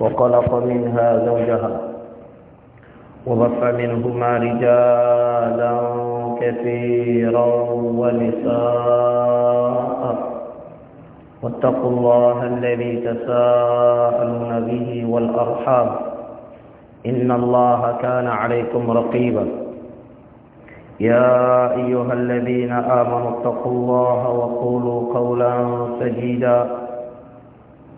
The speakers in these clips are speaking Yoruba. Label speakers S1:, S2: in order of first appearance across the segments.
S1: وخلق منها زوجها وبص منهما رجالا كثيرا ونساء واتقوا الله الذي تساءلون به والأرحام إن الله كان عليكم رقيبا يا أيها الذين آمنوا اتقوا الله وقولوا قولا سديدا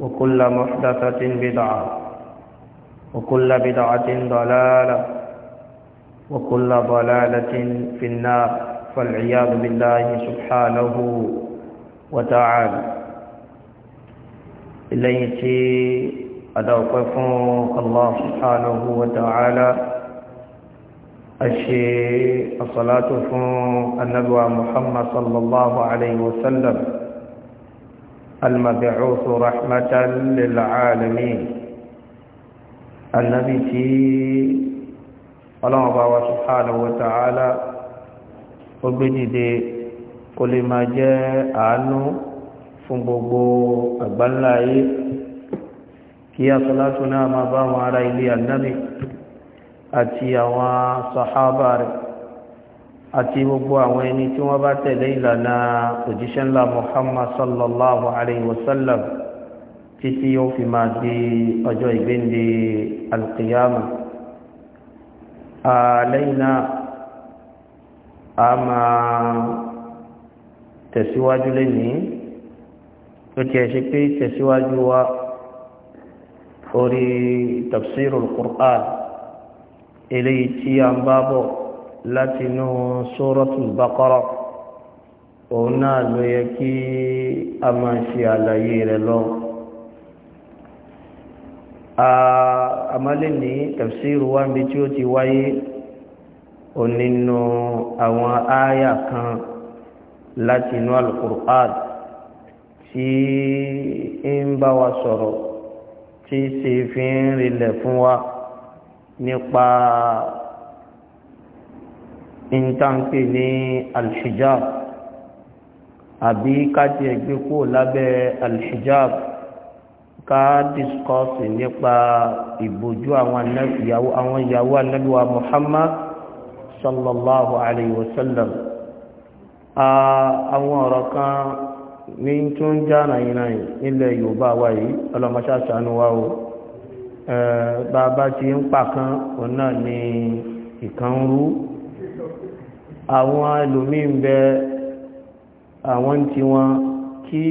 S1: وكل محدثة بدعة وكل بدعة ضلالة وكل ضلالة في النار فالعياذ بالله سبحانه وتعالى إليتي أدوقف الله سبحانه وتعالى أشي الصلاة النبوة محمد صلى الله عليه وسلم المبعوث رحمة للعالمين النبي تي الله سبحانه وتعالى وبدي kò lè máa jẹ́ àánú fún gbogbo àgbáńlá ayé kí asọ́látò náà máa bá wọn ará ilé ànábì àti àwọn sàhábà rẹ̀ àti gbogbo àwọn ẹni tí wọ́n bá tẹ̀lé ìlànà òjíṣẹ́ ńlá Muhammad sallallahu alayhi wa sallam títí yóò fi máa di ọjọ́ ìgbéǹde alqiyama lẹ́yìn náà a máa tẹ̀síwájú lénìí ó ti ẹ̀ṣẹ́ pé tẹ̀síwájú wa orí tafsirul Qur'an eléyìí tí a ń bá bọ̀ láti inú suratul Baqara òun náà ló yẹ kí a máa ṣe àlàyé rẹ̀ lọ àmọ́lẹ̀ ní tafsiru wa níbi tí ó ti wáyé onínú àwọn ááyà kan láti inú al tí ń bá wa sọ̀rọ̀ tí sì fi ń rinlẹ̀ fún wa nípa ìntànkì ní alhijab àbí káti ẹgbẹ́ kúrò lábẹ́ alhijab ká discourse nípa ìbòjú àwọn ìyàwó anábíwá Muhammad sallallahu alayhi wa sallam àwọn ọ̀rọ̀ kan ní tún já nàìjíríà nílẹ̀ Yorùbá wa yìí ọlọ́mọṣáṣánú wa o bàbá ti ń pàkan òun ni ìkan rú àwọn ẹlòmíì ń bẹ àwọn tí wọn kí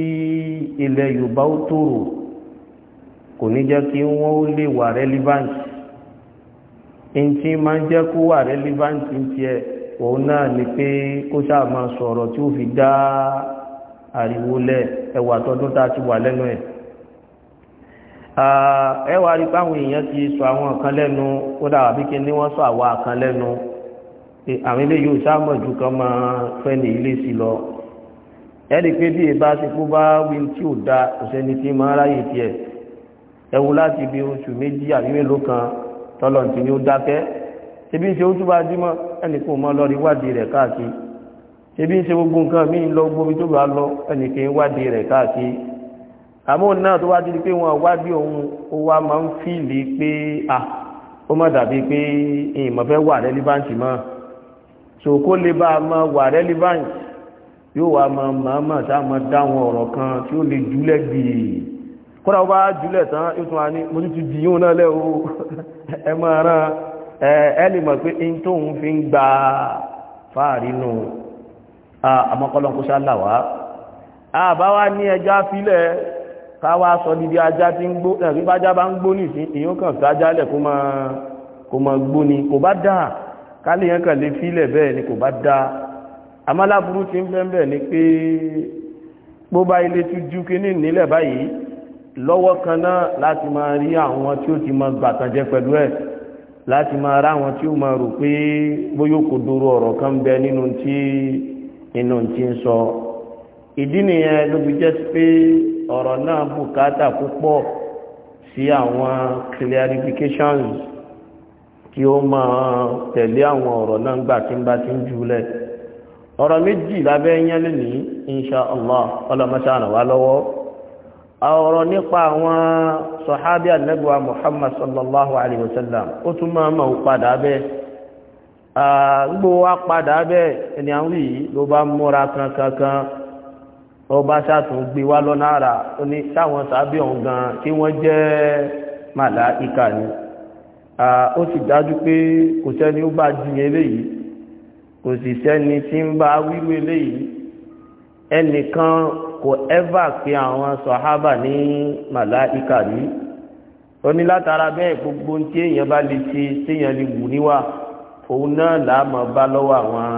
S1: ilẹ̀ yorùbá ó tòrò kò ní jẹ́ kí wọ́n ó lè wà relevant ntí máa ń jẹ́ kó wà relevant náà ni pé kó sáà ma sọ̀rọ̀ tí ó fi dá ariwo ẹwà tọdún tá ti wà lẹ́nu ẹ̀ ẹwà rí sọ àwọn kan lẹ́nu ó kí wọ́n sọ kan lẹ́nu pé àwọn ilé yóò sáàmọ̀ ju kan máa fẹ́ ní ilé sí lọ ẹ̀rí pé bí ìbá ti kó bá wí tí ò da òṣèlú tí máa ráyè tiẹ̀ ẹwu láti bí oṣù méjì àbí mélòó kan tọ́lọ̀ tí ni ó dákẹ́ ṣebí ń ṣe ó túbà dímọ̀ ẹnì kò mọ́ lọ rí wádìí rẹ̀ káàkiri ṣebí ń ṣe gbogbo nǹkan míì lọ gbóbi tó bá lọ ẹnì kì í wádìí rẹ̀ káàkiri àmọ́ náà tó wá ti di pé wọn wádìí òun ó wá máa ń fìlì pé à ó má dàbí pé ìmọ̀ fẹ́ wà rẹ́líbáǹtì mọ́ so kó lè bá a máa wà relevant yóò wá máa màmá tá a máa dáhùn ọ̀rọ̀ kan tí ó lè júlẹ̀ gbìyì kódà ó bá júlẹ̀ tán yóò tún wá ní mo tún ti dì yóò náà lẹ́ o ẹ máa rán ẹ lè mọ̀ pé in tóun fi ń gba fáàrí nù wá àbá máa gbó kò bá dáa káníyàn kàn lè fílẹ̀ bẹ́ẹ̀ ni kò bá dáa amáláburú ti ń bẹ́ẹ̀ ni pé bó bá ilé tún ju kíní nílẹ̀ báyìí lọ́wọ́ kan náà láti máa rí àwọn tí ó ti máa gbàtànjẹ pẹ̀lú ẹ̀ láti máa rá àwọn tí ó máa rò pé bóyá kò dúró ọ̀rọ̀ kan bẹ nínú tí inú ti ń sọ ìdí nìyẹn ló fi jẹ́ pé ọ̀rọ̀ náà bùkátà púpọ̀ sí àwọn clarifications kí ó máa tẹ̀lé àwọn ọ̀rọ̀ náà gbà tí ń bá ti ń júlẹ̀ ọ̀rọ̀ méjì lábẹ́ yẹn lónìí insha allah ọlọ́mọṣẹ́ wá lọ́wọ́ ọ̀rọ̀ nípa àwọn sọ̀hábí muhammad sallallahu alayhi wa sallam ó tún máa mọ̀ padà bẹ́ẹ̀ gbogbo padà bẹ́ẹ̀ ẹni àwọn yìí ló bá múra kankankan ó bá gbé wá lọ́nà ni. ó sì dájú pé kò sẹ́ni ó bá jiyàn eléyìí kò sì sẹ́ni tí ń bá wíwé eléyìí ẹnìkan kò ẹ́và pé àwọn sọ̀hábà ní màláìkà rí ó ní látara bẹ́ẹ̀ gbogbo tí èèyàn bá lè ṣe téèyàn lè wù níwà òun náà làámọ̀ bá lọ́wọ́ àwọn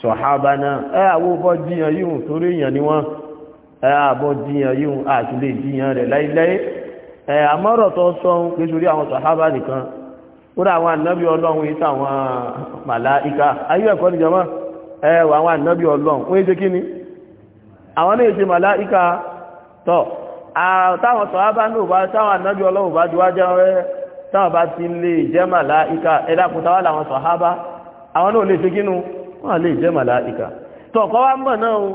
S1: sọ̀hábà náà ẹ àwọn bọ́ jiyàn yìí torí èèyàn ni wọ́n ẹ àbọ̀ jiyàn yìí àti lè jiyàn rẹ̀ láíláí ẹ̀ àmọ́rọ̀ tó sọ ń àwọn sàhábà nìkan ó àwọn ànábì ọlọ́run yìí màlá màláíkà ayé ẹ̀kọ́ nìjọba ẹ ẹwà àwọn ànábì ọlọ́run ó yẹ kí kíni àwọn náà ṣe màláíkà tọ̀ táwọn sàhábà náà táwọn ọlọ́run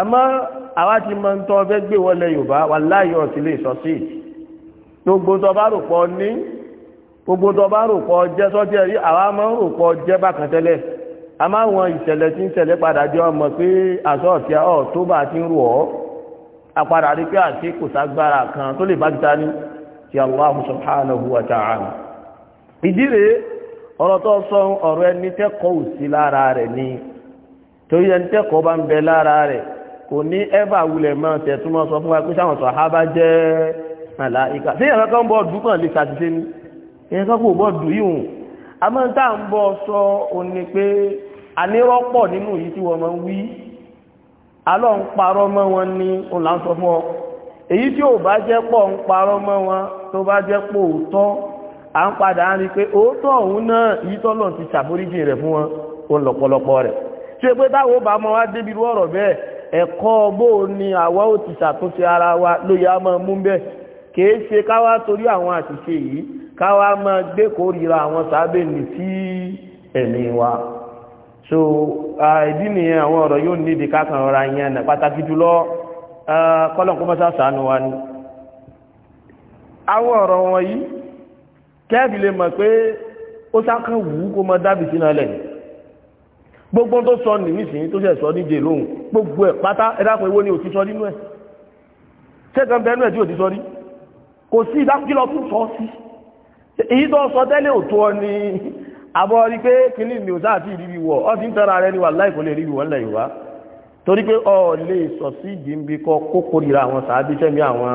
S1: àmọ́ àwa ti mọ ń tọ́ fẹ́ gbé wọlé yorùbá wà láàyò ọ̀sìn lè sọ sí gbogbo tó bá rò pọ̀ ní gbogbo tó bá rò pọ̀ jẹ́ sọ́jẹ́ rí àwa máa ń rò pọ̀ jẹ́ bákan tẹ́lẹ̀ a máa wọn ìṣẹ̀lẹ̀ tí ń ṣẹlẹ̀ padà jẹ́ ọmọ pé àṣọ ọ̀tí ọ̀ tó bá ti ń rò ọ́ apadà rí pé àti kò ságbára kan tó lè bá ti ta ní ti Allah subhanahu wa ta'ala ìdí rèé ọ̀rọ̀ tó sọ ọ̀rọ̀ ẹni tẹ́kọ̀ọ́ sí lára rẹ̀ ni torí ẹni tẹ́kọ̀ọ́ bá ń bẹ lára rẹ̀ kò ní ẹ́bà wulẹ̀ máa tẹ̀túnmọ́ sọ fún wa pé sáwọn sàhábà jẹ́ màláíkà sí ẹ̀rọ kan bọ́ dùn kàn lè ṣàtìṣe ní ẹ̀rọ kan kò bọ́ dùn yìí hùn a máa ń tà ń bọ́ sọ òní pé anírọ́pọ̀ nínú yìí tí wọ́n máa ń wí alọ́ ń parọ́ mọ́ wọn ní òun là ń sọ fún ọ èyí tí ò bá jẹ́ pọ̀ ń parọ́ mọ́ wọn tó bá jẹ́ pọ̀ òótọ́ à ń padà á rí i pé òótọ́ òun náà yìí tọ́lọ̀ ti ṣàforíjì rẹ̀ fún wọn òun lọ̀pọ̀lọpọ̀ rẹ̀ ṣé pé táwọn ò bá mọ wá débi irú ọ̀rọ̀ bẹ́ẹ̀ ẹ̀kọ́ bó ni àwa ó ti ṣàtúnṣe ara wa ló yá máa mú bẹ́ẹ̀ kìí ṣe káwá torí àwọn àṣìṣe yìí káwá máa gbé kórìíra àwọn sábẹ́ sí ẹ̀mí wa so ìdí ni àwọn ọ̀rọ̀ yóò nídìí kákan ọ̀rọ̀ yẹn nà pàtàkì jùlọ kọ́lọ̀n kó má ṣàṣàánú wa ni àwọn ọ̀rọ̀ wọn yìí kẹ́ẹ̀bì lè mọ̀ pé ó sákàn wù ú kó mọ dábì sínú gbogbo tó sọ nì nísìnyí tó ṣẹ̀ sọ níje lóhùn gbogbo ẹ̀ pátá ẹ dákun ewó ni ò ti sọ nínú ẹ̀ ṣẹ́gun bẹ́ẹ̀ nú ẹ̀ tí ò ti sọ rí kò sí ìdákùkílọ̀ tún sọ sí èyí tó sọ tẹ́lẹ̀ òtún ọ ni àbọ̀ rí pé kìíní mi ò sáà tí ìrírí wọ̀ ọ́ ti ń tẹ́ra rẹ ní wà láì kò lè rírí wọ́n lẹ̀ yìí wá torí pé ọ lè sọ sí ìdíbi kọ kókó ríra àwọn sàábí sẹ́mi àwọn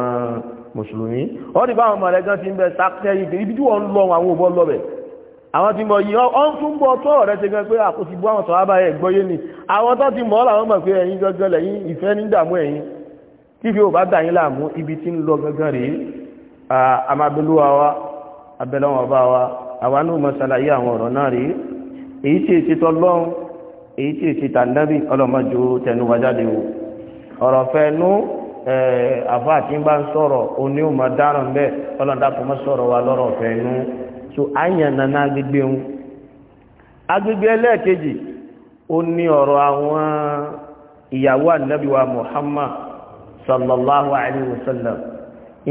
S1: mùsùlùmí ọ́ ti bá àwọn ọmọ rẹ gan ti ń bẹ sáà àwọn tí mọ̀ yìí ọ́n tún gbọ́ tó ọ̀rẹ́ ṣe gan pé àkóso bú àwọn sọ̀rọ̀ abáyẹ̀ gbọ́yé ni àwọn tó ti mọ̀ ọ́ làwọn mọ̀ pé ẹ̀yin gangan lẹ́yìn ìfẹ́ ní dààmú ẹ̀yin tí fi ò bá dà yín láàmú ibi tí ń lọ gangan rèé àmàbẹ́lúwa wa abẹ́lẹ́wọ̀n bá wa àwa ní òmò wa lọ́rọ̀ fẹ́nu so àyànnà náà gbígbé wọn agbègbè ẹlẹ́ẹ̀kejì ó ní ọ̀rọ̀ àwọn ìyàwó ànábì wa Muhammad sallallahu alayhi wa sallam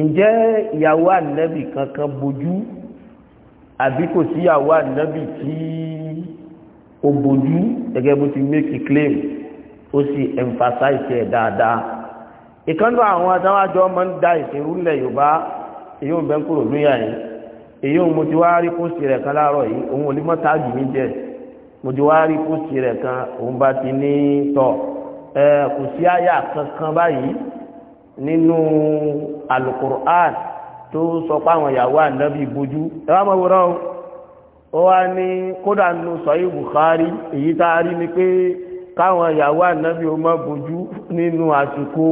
S1: ǹjẹ́ ìyàwó ànábì kankan bojú àbí kò sí ìyàwó ànábì tí ó bojú gẹ́gẹ́ bó ti make a claim ó sì emphasize ẹ̀ dáadáa ìkànnì àwọn adáwájọ́ máa ń da Yorùbá èyí òun mo ti wá rí pósìtì rẹ̀ kan láàárọ̀ yìí òun ò ní mọ́ táàgì mi jẹ́ mo ti wá rí pósìtì rẹ̀ kan òun bá ti ní tọ̀ ẹ kò sí àyà kankan báyìí nínú alukur'an tó sọ pé àwọn ìyàwó ànábì bojú ẹ wá mọ̀ wúrọ̀ o ó wá ní kódà nínú sọ̀yí Bukhari èyí tá a rí ni pé káwọn ìyàwó ànábì ó má bojú nínú àsìkò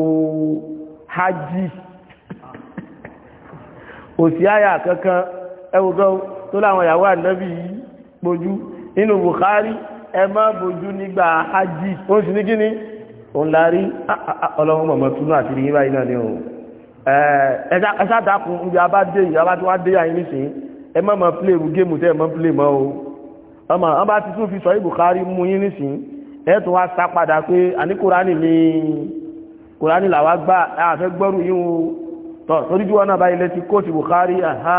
S1: hajj ah. kò sí àyà kankan ẹwù gan tó láwọn ìyàwó ànábì yìí bojú nínú Bukhari ẹ má bojú nígbà hajj ó ń sinikí ni òun lárí ọlọ́run mọ̀mọ́ túnú àti rí báyìí náà ni o ẹ ṣáàdàkùn ibi abádé yìí abá tí wọ́n á dé yàyín nísìnyí ẹ má máa play irú géèmù tẹ́ mi kúránì làwa gbà àfẹ́ gbọ́rù yín o tọ́ torí bí wọn náà báyìí lẹ́tí kóòtù ibùkárí aha.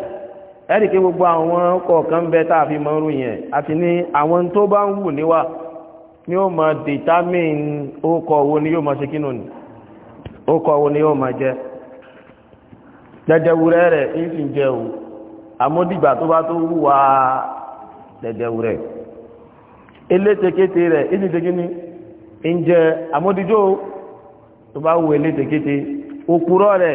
S1: ẹ̀rì kí gbogbo àwọn kọ̀ọ̀kan bẹ a fi mọ́ ròyìn ẹ̀ àti ní àwọn tó bá ń wù níwà ni ó ma determine ókọ̀ wo ni yóò máa ṣe kínú ni ókọ̀ wo ni yóò máa jẹ́ dẹ̀dẹ̀wúrẹ́ rẹ̀ o tó bá tó wù wá dẹ̀dẹ̀wúrẹ́ elétekéte rẹ̀ ń sì jẹ́ tó bá wù elétekéte òpùrọ̀ rẹ̀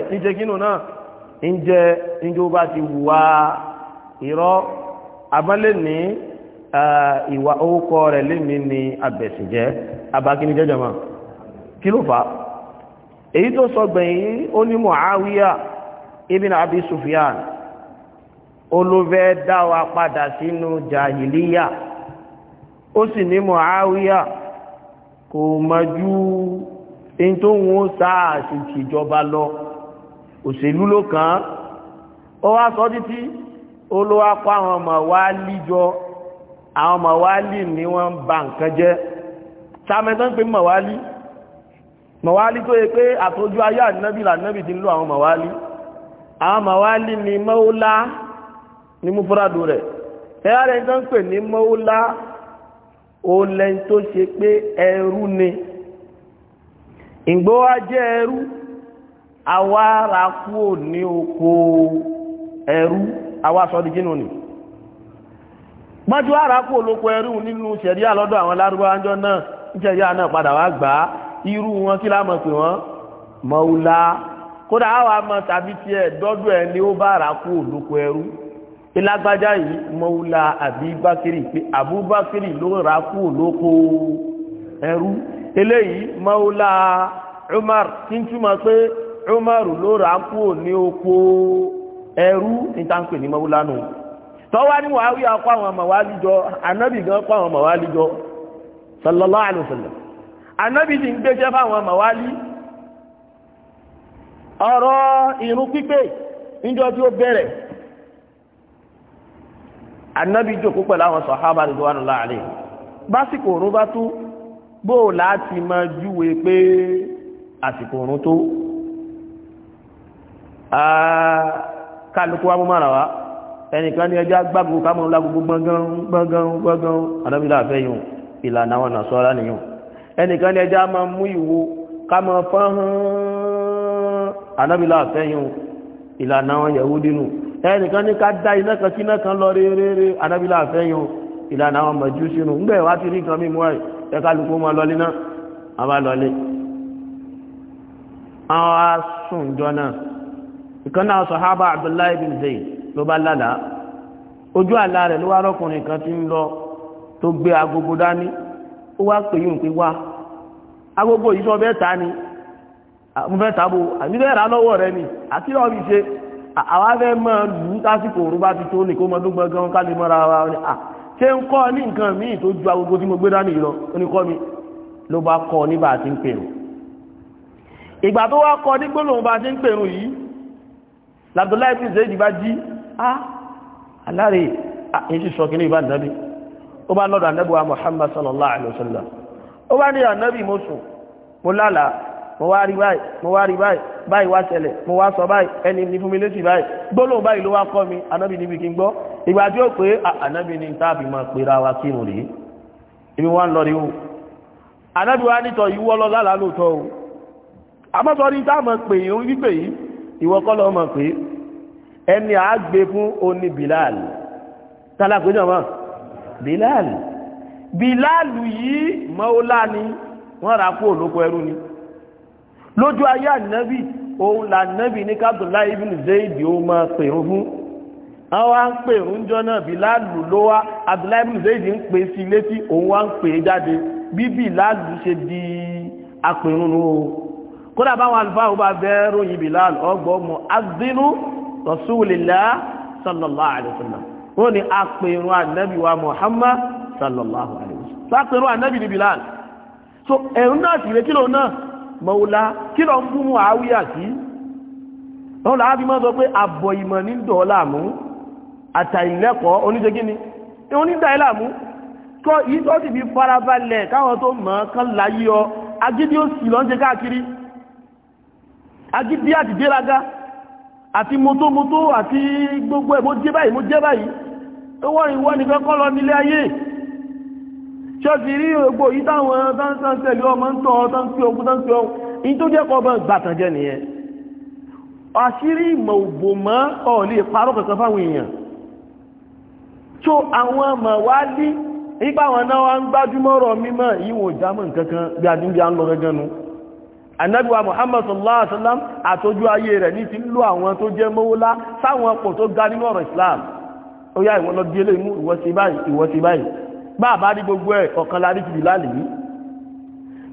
S1: irọ́ abálẹ̀ ní ìwà orúkọ rẹ̀ lẹ́ni ni abẹ̀sìnjẹ́ abakini jẹ́jọ́mọ́ kí ló fà èyí tó sọ gbẹ̀yìn ó ní àwíyà ibn Abi Sufyan olófẹ́ dá dáwà padà sínú jahiliya ó sì ní àwíyà kò mọ̀jú in tó wọ́n sáà lọ ló kàn án ó wá sọ títí olówó akọ àwọn ọmọ wa líjọ àwọn ọmọ wa lì ní wọ́n ń ba nǹkan jẹ́ sàmẹ́tọ́ ń pè mọ̀ wá lì mọ̀ wá lì tó yẹ pé àtọ́jú ayé ànábì lànábì ti ń lo àwọn mọ̀ wá lì àwọn mọ̀ wá lì ní mọ́ọ́lá ní múfúrádù rẹ̀ rẹ̀ tó ń àwa sọ di kínú ni gbájú ara kú olóko ẹrú nínú ṣẹ̀ríà lọ́dọ̀ àwọn lárúbáwájọ́ náà ṣẹ̀ríà na padà wá gbà irú wọn kí lámọ̀ pé wọ́n kódà àwọn tàbí dọ́dọ̀ ni ó bá ara kú olóko ẹrú ìlágbájá yìí mọ́wúlá àbí bákìrì pé àbúbákìrì ló rà kú olóko ẹrú eléyìí Umar tí ń túmọ̀ pé Umar ló rà ní oko ẹrú ìtànkè ní mọ́wúlánù tọ́wá ní wàá wí akọ àwọn ọmọ wa líjọ anábì gan kọ àwọn ọmọ wa líjọ sallallahu alaihi wasallam anábì ti ń gbéṣẹ́ fáwọn ọmọ wa lí ọ̀rọ̀ ìrun pípé níjọ́ tí ó bẹ̀rẹ̀ anábì jókòó pẹ̀lú àwọn sàhábà ridwanullahi alaihim básìkò òrùn bá tó bóò láti máa júwe pé àsìkò òrùn tó kálukú wa mú mara wa ẹnìkan ní ẹjọ́ agbábùkù ká mọ̀ lágbogbo gbọ́ngán gbọ́ngán gbọ́ngán adábílà fẹ́ yùn ìlànà àwọn nàṣọ́rá nìyàn ẹnìkan ní ẹjọ́ máa mú ìwo ká mọ̀ fọ́nhán adábílà fẹ́ yùn ìlànà àwọn Yahudi nù ẹnìkan ní ká dá iná kan síná kan lọ rere adábílà fẹ́ yùn ìlànà àwọn Májúsì nù ńgbẹ̀ wá ti rí kan mímú ẹ̀ ẹ kálukú mọ́ lọlé náà àwọn lọlé àwọn asùnjọ náà ìkan náà sọ̀hábà abdullahi bin ló bá lálàá ojú àlá rẹ̀ ló wá rọ́kùnrin kan tí ń lọ tó gbé agogo dání ó wá pè yí wá agogo yìí sọ bẹ́ẹ̀ ta ni mo fẹ́ rà lọ́wọ́ rẹ ni àti lọ́ọ́ fi ṣe àwa fẹ́ lù ti tó ní kó mọ tó mọ́ra wa ni à ṣé ń kọ́ ní nǹkan míì tó agogo tí mo gbé dání lọ ní kọ́ mi ló bá kọ́ nígbà ìgbà tó wá kọ́ ti labdullahi bin zaid bá a ah alare ah yin so kini ba nabi ó bá lọ́dọ̀ anabi muhammad sallallahu alaihi wasallam anabi mo sùn mo lálàá mo wá mo sọ bai eni ní fún mi létí báyìí gbólóhùn mi ànábì níbi igba ti wa ibi o ànábì wa nítọ̀ ìwọ kọ́ lọ́wọ́ mọ̀ pé ẹni àágbé fún oní Bilal tálákùnjọ mọ́ Bilal Bilal yìí mọ́ọ́lá ni wọ́n rà kó olóko ẹrú ni lójú ayé ànábì òun là nábì ní kábùlá ibn Zaid ó máa pèrún fún àwọn ń pèrún jọ náà Bilal ló wá Abdullahi ibn Zaid ń pè sí létí òun wá ń pè jáde bí Bilal ṣe di apèrún nù ó kódà báwọn àlùfáà ó bá fẹ́ ròyìn Bilal ọgbọ́n mu azinu rasulillah sallallahu alayhi wa sallam wọ́n ní apẹ̀rún ànábì wa Muhammad sallallahu alayhi wa sallam lápẹ̀rún ànábì ní Bilal so ẹ̀rún náà sì rẹ̀ kí lòun náà mọ̀ọ́lá kí lọ ń bú mu àwíyà sí lọ́wọ́ làá fi máa sọ pé àbọ̀ ìmọ̀ ní dọ̀ọ́lá mú àtàìlẹ́kọ̀ọ́ oníṣẹ́ kí ni onídàílà mú kọ́ yìí sì fi farabalẹ̀ káwọn tó mọ̀ ọ́ láyé ọ agídí ó sì lọ́n káàkiri agídí àti déraga àti mọ́tòmọ́tò àti gbogbo ẹ̀ mo jẹ́ báyìí mo jẹ́ báyìí wọ́n ìwọ́ nìkan kọ́ lọ nílé ayé ṣọ́sì rí ògbò yìí táwọn tánṣẹ́lẹ̀ ọmọ ń tọ́ tánṣẹ́ ogun tánṣẹ́ ohun in tó jẹ́ kọ́ bá gbàtànjẹ́ nìyẹn àṣírí ìmọ̀ òbò mọ́ ọ̀ lè parọ́ kankan fáwọn èèyàn tó àwọn ọmọ wá lí nípa àwọn náà wá ń gbájúmọ́ ọ̀rọ̀ mímọ́ ìwọ̀n jámọ̀ nǹkankan bí adúmbíà ànábíwá Muhammad sallallahu alaihi wasallam àtọ́jú ayé rẹ̀ ní ti lú àwọn tó jẹ́ mọ́wólá sáwọn ọkọ̀ tó ga nínú ọ̀rọ̀ Islam ó yá ìwọ́n lọ bí ilé imú ìwọ́ sí báyìí ìwọ́ sí báyìí bá àbá rí gbogbo ẹ̀ ọ̀kan la rí kìí lálìí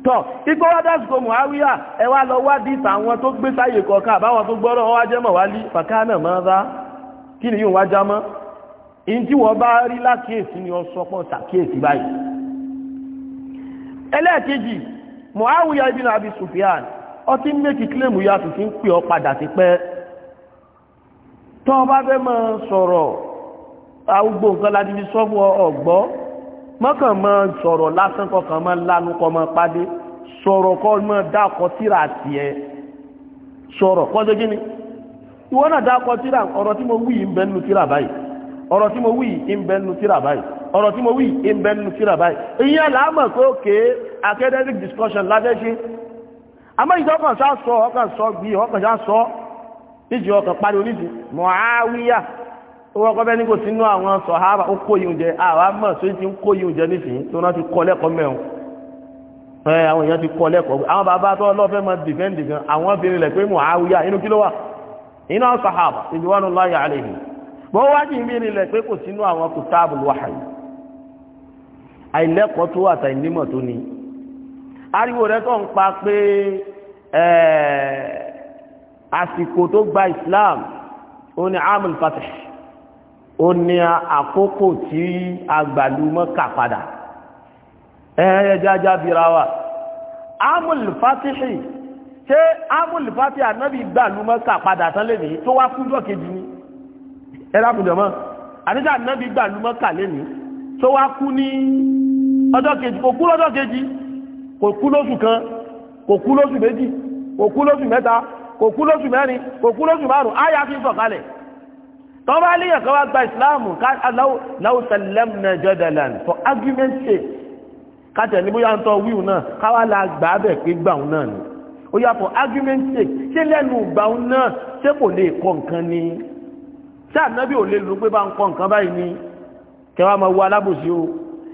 S1: tọ́ ikọ́ wá dásìkò Muawiya ẹ wá lọ wá dìtà àwọn tó gbé sáyè kọ̀ọ̀kan àbáwọn tó gbọ́rọ̀ wọ́n wá jẹ́ mọ̀wálí fàkánà máa rá kí ni yóò wá já mọ́ in tí wọ́n bá rí báyìí ẹlẹ́ẹ̀kejì Muawiya ibn Abi Sufyan ó ti méjì kílèmù ya sì fi ń pè ọ padà ti pẹ́ tó bá fẹ́ mọ́ sọ̀rọ̀ àwùgbò nǹkan láti fi sọ́fún ọgbọ́ mọ́kàn mọ́ sọ̀rọ̀ lásán kọkàn mọ́ lánú kọ mọ́ pàdé sọ̀rọ̀ kọ́ mọ́ dákọ̀ tíra àti ẹ sọ̀rọ̀ kọ́ sí gíní ìwọ́n náà dákọ̀ tíra ọ̀rọ̀ tí mo wí ń bẹ́nu tíra báyìí ọ̀rọ̀ tí mo wí ń bẹ́nu tíra báyìí ọ̀rọ̀ tí mo wí ìbẹ̀nu síra báyìí ìyẹn láàmọ̀ pé òkè academic discussion lábẹ́ ṣe àmọ́ ìjọkàn sá sọ ọkàn sọ gbí ọkàn sá sọ ìjì ọkàn parí oníjì Muawiya owó ọkọ̀ bẹ́ẹ̀ ní kò sínú àwọn sọ̀hábà ó kó yíun jẹ àwa mọ̀ sí ti ń kó yíun jẹ nísìnyí tó náà ti kọ́ lẹ́kọ̀ọ́ mẹ́rin ẹ àwọn èèyàn ti kọ́ lẹ́kọ̀ọ́ àwọn bàbá tó lọ́fẹ́ mọ́ dìfẹ́ǹdì gan àwọn obìnrin lẹ̀ pé Muawiya inú kí ló wà iná sọ̀hábà ìdíwọ́nù láyà àlejò bọ́wọ́ wájú ìbí ni lẹ̀ pé àìlẹ́kọ̀ọ́ tó àtàìnímọ̀ tó ni ariwo rẹ tó ń pa pé eh, àsìkò tó gba Islam ó ní amul fatih ó ní àkókò tí agbàlúmọ́ kà padà ẹ̀ẹ́dẹ́ jájá bíra wa amul fatih ṣé amul fatih ànábì gbàlúmọ́ kà padà tán lè ní tó wá fúnjọ́ kejì ni ẹ̀rákùnjọ́ mọ́ àníjà ànábì gbàlúmọ́ kà lè ní tó wá kú ní ọjọ́ kejì kò kú lọ́jọ́ kejì kò kú lóṣù kan kò kú lóṣù méjì kò kú lóṣù mẹ́ta kò kú lóṣù mẹ́rin kò kú lóṣù márùn áyà fi sọ̀kalẹ̀ tọ́ bá léyàn kan wá gba ìsìláàmù láwù sàlẹ́mùnà for argument sake kátẹ̀ ní bóyá ń tọ́ wíwù náà káwá la gbà á bẹ̀ pé gbàùn náà ni ó yà for argument sake ṣé lẹ́nu gbàùn náà ṣé kò lè kọ́ nǹkan ni ṣé ànábì ò lè lò pé bá ń kọ́ nǹkan báyìí ni kẹwàá máa wo alábòsí o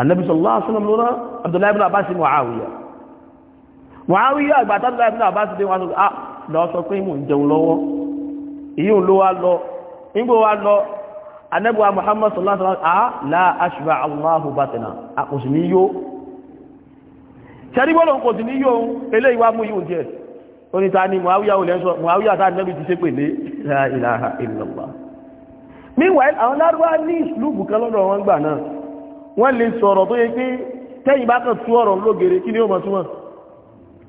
S1: Ànábì sallallahu alaihi wasallam lọ́nà Abdullahi ibn Abbas Muawiya Muawiya àgbàtà Abdullahi ibn Abbas dé wọn sọ ah, lọ sọ pé mò ń jẹun lọ́wọ́ èyí ò ló wá lọ nígbò wá lọ Ànábì wa Muhammad sallallahu alaihi wasallam ah, la ashba Allahu batana àkòsì ní yó ṣẹ́rígbọ́lọ̀ kò sí ní yóò eléyìí wá mú yóò jẹ́ oníta ni Muawiya olè ń sọ Muawiya tá Ànábì ti ṣe pèlé la ilaha illallah meanwhile àwọn lárúbá ní ìlú bùkán lọ́dọ̀ wọn gbà náà wọ́n lè sọ̀rọ̀ tó yẹ pé tẹ́yìn bá kàn tú ọ̀rọ̀ lógere kí ni ó mọ̀ túmọ̀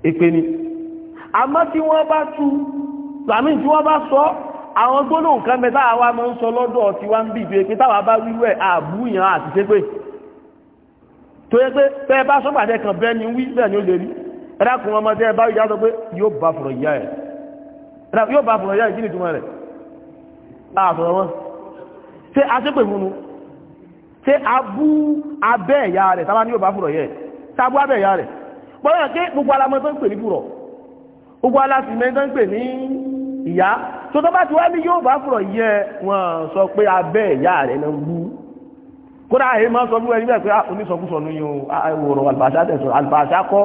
S1: èpè ni àmọ́ tí wọ́n bá tú sàmì tí wọ́n bá sọ àwọn gbólóhùn kan bẹ táwa wa máa ń sọ lọ́dọ̀ tí wá ń bì ju pé táwa bá wíwẹ̀ àbúyàn àti ṣépè tó yẹ pé bẹ́ẹ̀ bá sọ́gbàdẹ kan bẹ́ẹ̀ ni wí bẹ́ẹ̀ ni ó lè rí ẹ̀dàkùn ọmọdé ẹ bá yíyá sọ pé yóò bá fọ̀rọ̀ ìyá ẹ̀ yóò bá fọ̀rọ̀ ìyá ẹ̀ kí ni túmọ̀ rẹ̀ àfọ̀rọ̀ wọn ṣe aṣépè fún un ṣe abú abẹ́ ẹ̀yà rẹ̀ tàbá ní ọba fúrọ̀ yẹ tàbú abẹ́ ẹ̀yà rẹ̀ pọ̀lọ́yà kí gbogbo alamọ́ tó ń pè ní fúrọ̀ gbogbo alásìmẹ́ tó ń pè ní ìyá tó tọ́ bá ti wá ní yóò bá fúrọ̀ yẹ wọ́n sọ pé abẹ́ ẹ̀yà rẹ̀ lọ bú kódà èyí máa sọ fún ẹni bẹ́ẹ̀ pé ah, oníṣọkúsọ ní ìwòrán ah, àlùbáṣá tẹ̀sán àlùbáṣá kọ́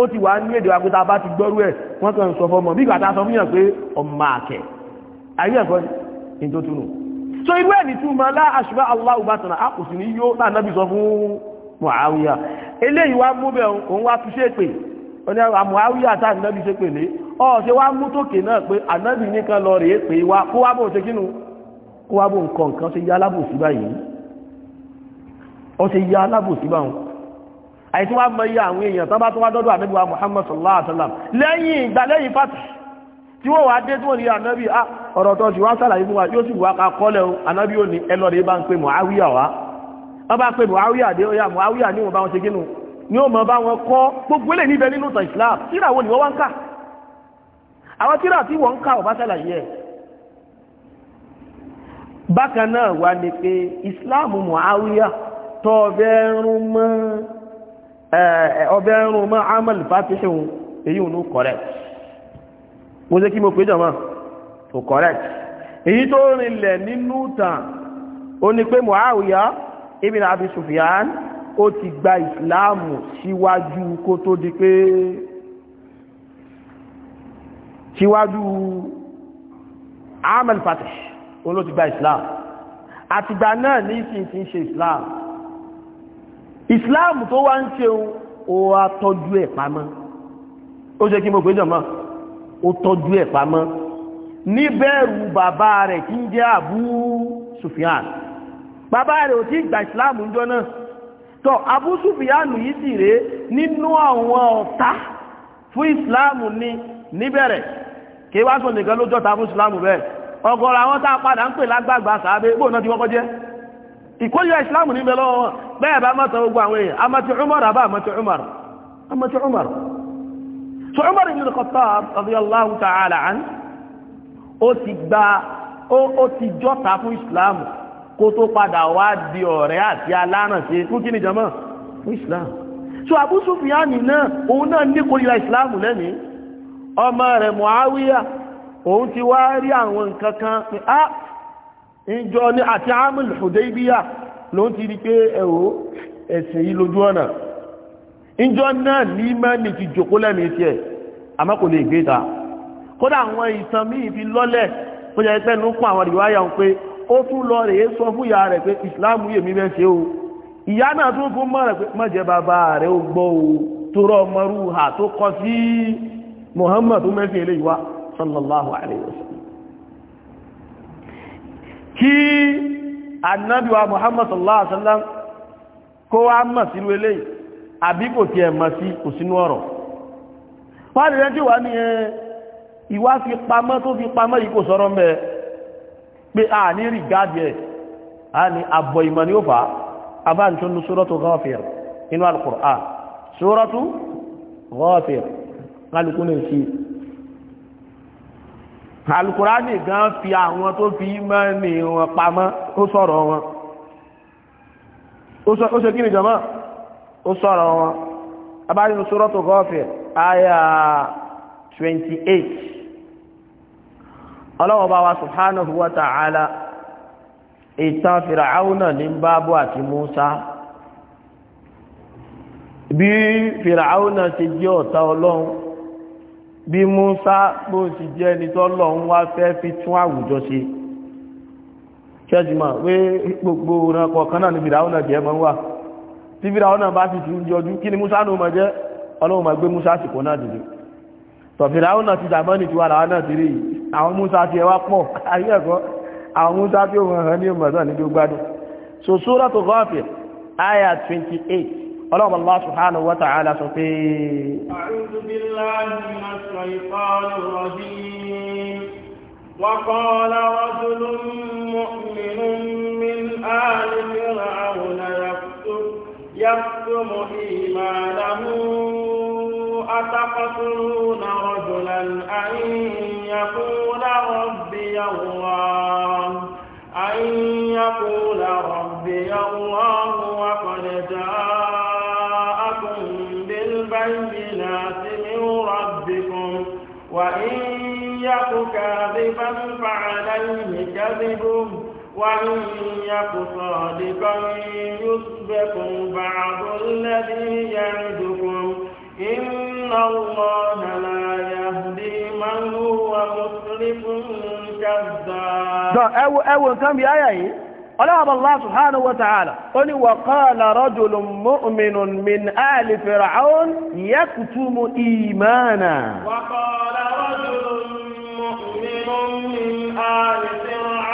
S1: ó ti wà ní èdè wa pé tá a bá ti gbọ́rú ẹ̀ wọ́n kàn sọ fọmọ bí ìgbà tá a sọ fún yàn pé ọmọ àkẹ́ ayé ẹ̀kọ́ ní tó túnú so iwe ẹni tí ma lá aṣùgbà aláwọ̀ bá tànà àpò sí ní yóò lánàbí sọ fún Muawiya eléyìí wá mú bẹ̀ òun wá tún ṣe pé ọ̀nà tá ànábì ṣe pèlé ọ̀ṣẹ́ wá mú tókè náà pé ànábì nìkan lọ rèé pé wá kó wá bò ṣe kínú kó wá bò nǹkan ṣe yá alábòsí báyìí ṣe yá alábòsí báwọn àìsí wá mọ iye àwọn èèyàn tán bá wá dọ́dọ̀ wa Muhammad sallallahu alaihi lẹ́yìn ìgbà tí wọ́n wá dé tí wọ́n ní ànábì á ah, ọ̀rọ̀ tó ṣùgbọ́n sàlàyé fún wa yóò sì wá ká kọ́lẹ̀ o ànábì ò ní ẹlọ́rẹ̀ bá ń pe Muawiya wá wọ́n bá pe Muawiya dé ọ̀yà Muawiya ní wọn bá wọn ṣe gínú ní ó mọ̀ bá wọn kọ́ gbogbo lè níbẹ̀ nínú ìtàn Islam tíra wo ni wọ́n wá ń kà àwọn tíra tí wọ́n ń kà ọ̀bá sàlàyé ẹ̀ bákan náà wà ní pé Islam Muawiya tọ́ ọbẹ̀ rún mọ́ ọbẹ̀ rún mọ́ amal fatihun èyí ò mo ṣe kí mo pé jọmọ́ kò correct èyí tó rinlẹ̀ nínú tàn ó ní pé Muawiya ibn Abi Sufyan ó ti gba ìsìláàmù síwájú kó tó di pé síwájú amal fatih ó ló ti gba islam àtìgbà náà ní ìsìn ṣe islam islam tó wá ń ṣe ó wá tọ́jú ẹ̀ pamọ́ ó ṣe kí mo pé jọ̀mọ́ ó tọ́jú ẹ̀ pamọ́ níbẹ̀rù bàbá rẹ̀ tí ń jẹ́ àbú Sufyan bàbá rẹ̀ ò tí ìgbà ìsìláàmù jọ náà tọ́ àbú Sufyan yìí sì rèé nínú àwọn ọ̀tá fún ìsìláàmù ni níbẹ̀rẹ̀ kí wá sọ nìkan ló jọta fún ìsìláàmù bẹ́ẹ̀ ọ̀gọ̀rọ̀ àwọn tá a padà ń pè lágbàgbà sàábé bóun náà ti wọ́kọ́ jẹ́ ìkóyọ ìsìláàmù níbẹ̀ lọ́wọ́ bẹ́ẹ̀ bá mọ́ta gbogbo àwọn èèyàn amati Umar àbá amati Umar amati Umar so Umar ibn al-Khattab radiyallahu ta'ala an ó ti gba ó ti jọ́ta fún Islam kó tó padà wá di ọ̀rẹ́ àti alárànṣe fún kí ni jama fún Islam so Abu Sufyan náà òun náà ní kórìíra Islam lẹ́ni ọmọ rẹ̀ Muawiya òun ti wá rí àwọn nǹkan kan pé á ìjọ ní amul Hudaybiya lóun ti rí pé ẹ̀wọ́ ẹ̀sìn yìí lójú ọ̀nà ìjọ náà ní mẹ́rin ti jòkó lẹ́mí tiẹ̀ àmọ́ kò lè gbé ta kódà àwọn ìtàn míì fi lọ́lẹ̀ tó jẹ́ pẹ́ nínú fún àwọn ìwáyà pé ó tún lọ rèé sọ fún ìyá rẹ̀ pé ìsìláàmù o ìyá náà tún fún mọ́ rẹ̀ pé sallallahu alayhi wa sallam Muhammad wa sallam kó mọ̀ àbí kò tí ẹ mọ̀ sí kò sínú ọ̀rọ̀ fáàlìyàn tí wà ní ẹ ìwá fi pamọ́ tó fi pamọ́ yìí kò sọ̀rọ̀ mẹ́ pé a ní rí gáàdì ẹ̀ a ní àbọ̀ ìmọ̀ ni ó fà á bá ń tún ní sórọ́tù Ghafir inú al ó sọ̀rọ̀ wọn abájú suratu Ghafir àyà 28 ọlọ́wọ́ bá wa subhanahu wa ta'ala ìtàn Fir'auna ní bábú àti Musa bi Fir'auna ti jẹ́ ọ̀tá ọlọ́run bí Musa bó ti jẹ́ ẹni tọ́lọ́run wá fẹ́ fi tún àwùjọ si ṣẹ́jùmọ̀ wé gbogbo ọ̀rọ̀ kọ̀ọ̀kan náà ní Fir'auna jẹ́ mọ́ wà tí fíra ọ̀nà bá fi tù ń yọjú kí ni musa ní ọmọ jẹ́ ọlọ́run ma gbé musa sìkò náà dìde tọ̀fìrà ọ̀nà ti dàmọ́ ní tiwa làwọn náà ti rí àwọn musa ti ẹwà pọ̀ ayẹ́kọ́ àwọn musa tí òun hàn ní ọmọ ní gbádùn so suratu Ghafir aya 28 ọlọ́run allah subhanahu wa ta'ala sọ
S2: وقال رجل مؤمن من آل فرعون يقول يكتم إيمانه أتقتلون رجلا أن يقول ربي الله أن يقول ربي الله وقد جاءكم بالبينات من ربكم وإن يك كاذبا فعليه كذبه وإن يك صادقا يصبكم بعض الذي يعدكم إن الله لا يهدي من هو مسرف كذاب
S1: أو أو كم بآية يا قال الله سبحانه وتعالى قل وقال رجل مؤمن من آل فرعون يكتم إيمانا
S2: وقال رجل مؤمن من آل فرعون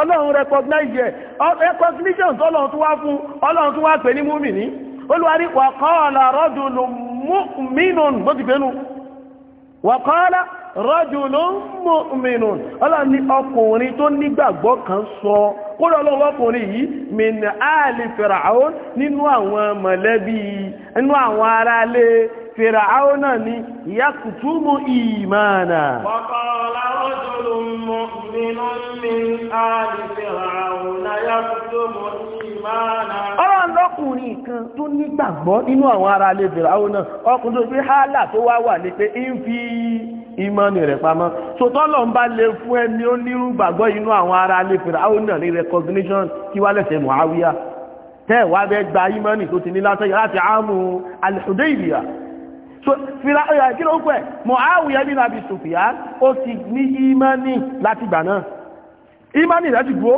S1: ọlọ́run recognize ẹ̀ recognition tọ́lọ́run tó wá fún ọlọ́run tó wá pè ní múmìnì olùwárí wàkọ́ọ̀lá rọ́dùlù mọ́mìnùn bó ti gbénu wàkọ́ọ̀lá rọ́dùlù mọ́mìnùn ọlọ́run ní ọkùnrin tó nígbàgbọ́ min áàlì fìràún nínú àwọn mọ̀lẹ́bí nínú àwọn aráalé fìràún náà ni ìyá kùtùmù ìmáàna
S2: wàkọ́ọ̀lá Ọrọ من آل فرعون يكتم
S1: kan tó nígbàgbọ́ inú àwọn ará ilé Fìràwọ̀ náà ọkùnrin tó fi hálà tó wá wà ní pé ń fi ìmọ̀nì rẹ̀ pamọ́ sọtọ́lọ̀ ń bá fún ẹni ó nírú inú àwọn ará ilé Fìràwọ̀ ní recognition Eh, kí ló ń pẹ̀ Muawiya bin Abi Sufyan ó ti ní imani láti gbà náà imani láti gbó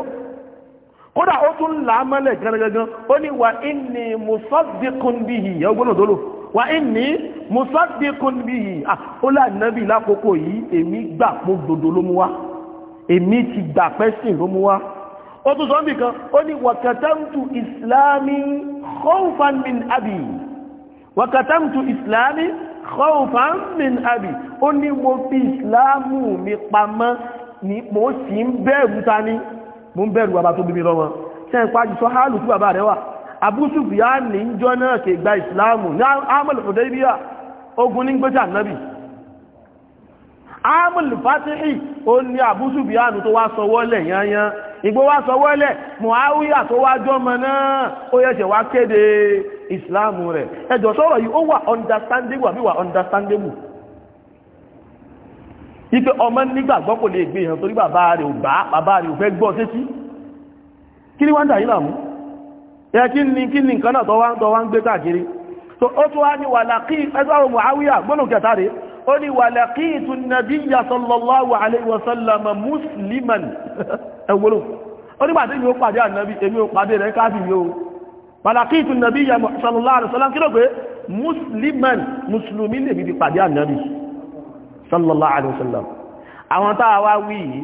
S1: kódà ó tún là á mọ́lẹ̀ gangan ó ní wà inni musaddiqun bihi ìyá ogbónà tó lò wà inni musaddiqun bihi ó là nábì lákòókò yìí èmi gbà pó dodo ló mú wá èmi ti gbà pẹ́sìn ló mú wá islami khawfan abi wakatamtu islami khawfan min abi ó ní mo fi islamu mi pamọ́ ní mo sì ń bẹ̀rù ta ní mo ń bẹ̀rù bàbá tó bí mi lọ́wọ́ ṣe ń pàjù sọ hálù tí bàbá rẹ̀ wà abúsùfìyà ní jọ náà kè gba islamu ní amul hudaybiya ogun ní gbẹ́jà nábì amul fatihi ó ní abúsùfìyà tó wá sọwọ́lẹ̀ yányán ìgbó wá sọwọ́lẹ̀ muawiya tó wá jọmọ náà ó yẹ islamu rẹ ẹjọ́ sọ́rọ̀ yìí ó wà understandable wa wà understandable ipe ọmọ nígbàgbọ́ kò lè gbé ìhàn torí bàbá rẹ̀ ò bá bàbá rẹ̀ ò fẹ́ gbọ́ sétí kí ni wá dà làmú ni kí ni nǹkan náà tọ́ wá ń gbé káàkiri so ó wá ní wàlàkí gbónú kẹta rẹ̀ ó ní wàlàkí pàlàkìtù nàbí ya sallallahu alaihi wasallam kí ló pé musliman musulmi lè bíbi pàdé ànábì sallallahu alaihi wasallam àwọn táà wá wí yìí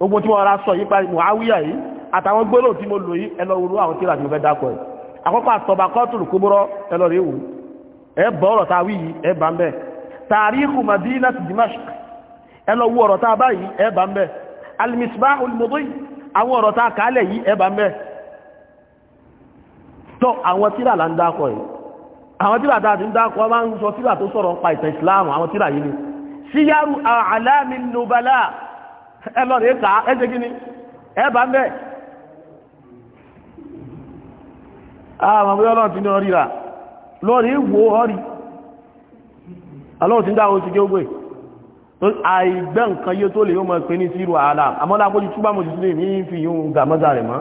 S1: ogun tí wọ́n ra sọ yípa Muawiya yìí àtàwọn gbólóò tí mo lò yìí ẹlọ́rú àwọn tíra tí mo fẹ́ dákọ̀ ẹ̀ àkọ́kọ́ àtọ̀bà kọ́tùlù kúbúrọ́ ẹlọ́rú ewu ẹ bọ́ ọ̀rọ̀ táà wí yìí ẹ bá ń bẹ̀ tàríkù madina ti Dimashq ẹlọ́wú ọ̀rọ̀ táà báyìí ẹ bá ń bẹ̀ al-misbah mudhi àwọn ọ̀rọ̀ táà kálẹ̀ yìí ẹ bá ń tó àwọn tíra là ń dákọ̀ yìí àwọn tíra dáadé ń dákọ̀ máa ń sọ tíra tó sọ̀rọ̀ ń pa ìtàn ìsìláàmù àwọn tíra yìí ni síyárù àlámi nùbálà ẹ lọ rèé kà ẹ ṣe kí ni ẹ bá ń bẹ àwọn ọmọ ọlọ́run ti ní ọrí rà lọ́rí wo ọrí alọ́run ti ń dáwọ́ ti gẹ́gbẹ́ àìgbẹ́ nǹkan yé tó lè yóò mọ̀ pé ní sírò àlà àmọ́lá kó ti túbá mọ̀ sí ní fi yóò gàmọ́dà rẹ̀ mọ́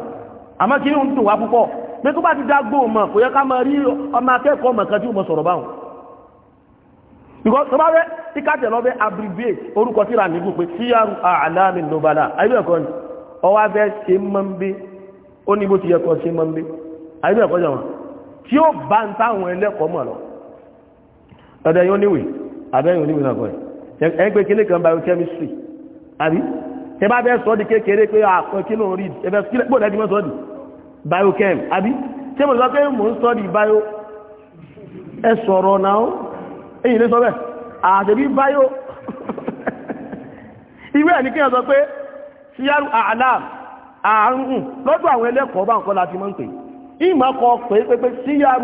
S1: àmọ́ kí ní ń dùn wá púpọ̀ pé tó bá ti dágbò mọ̀ kò yẹ ká máa rí ọmọ akẹ́kọ̀ọ́ mọ̀ kan tí ó mọ̀ sọ̀rọ̀ báwọn because tó bá rẹ̀ tí káàtẹ̀ lọ́bẹ̀ abbreviate orúkọ síra nígbò pé síyàrù àlàmì nobala ayébẹ̀ẹ̀kọ́ ni ọwá bẹ́ ṣe mọ́ ń bí ó ní bó ti yẹ kọ́ ṣe mọ́ ń bí ayébẹ̀ẹ̀kọ́ jọ wọn tí ó bá ń táwọn ẹlẹ́kọ̀ọ́ mọ̀ lọ ọ̀dẹ̀ yóò níwèé abẹ́yìn biochem abi tí mo sọ pé sọ bio ẹ sọ̀rọ̀ náà èyí sọ bio ìwé ẹ̀ ní kí sọ pé àwọn ẹlẹ́kọ̀ọ́ bá láti mọ́ ń pè kọ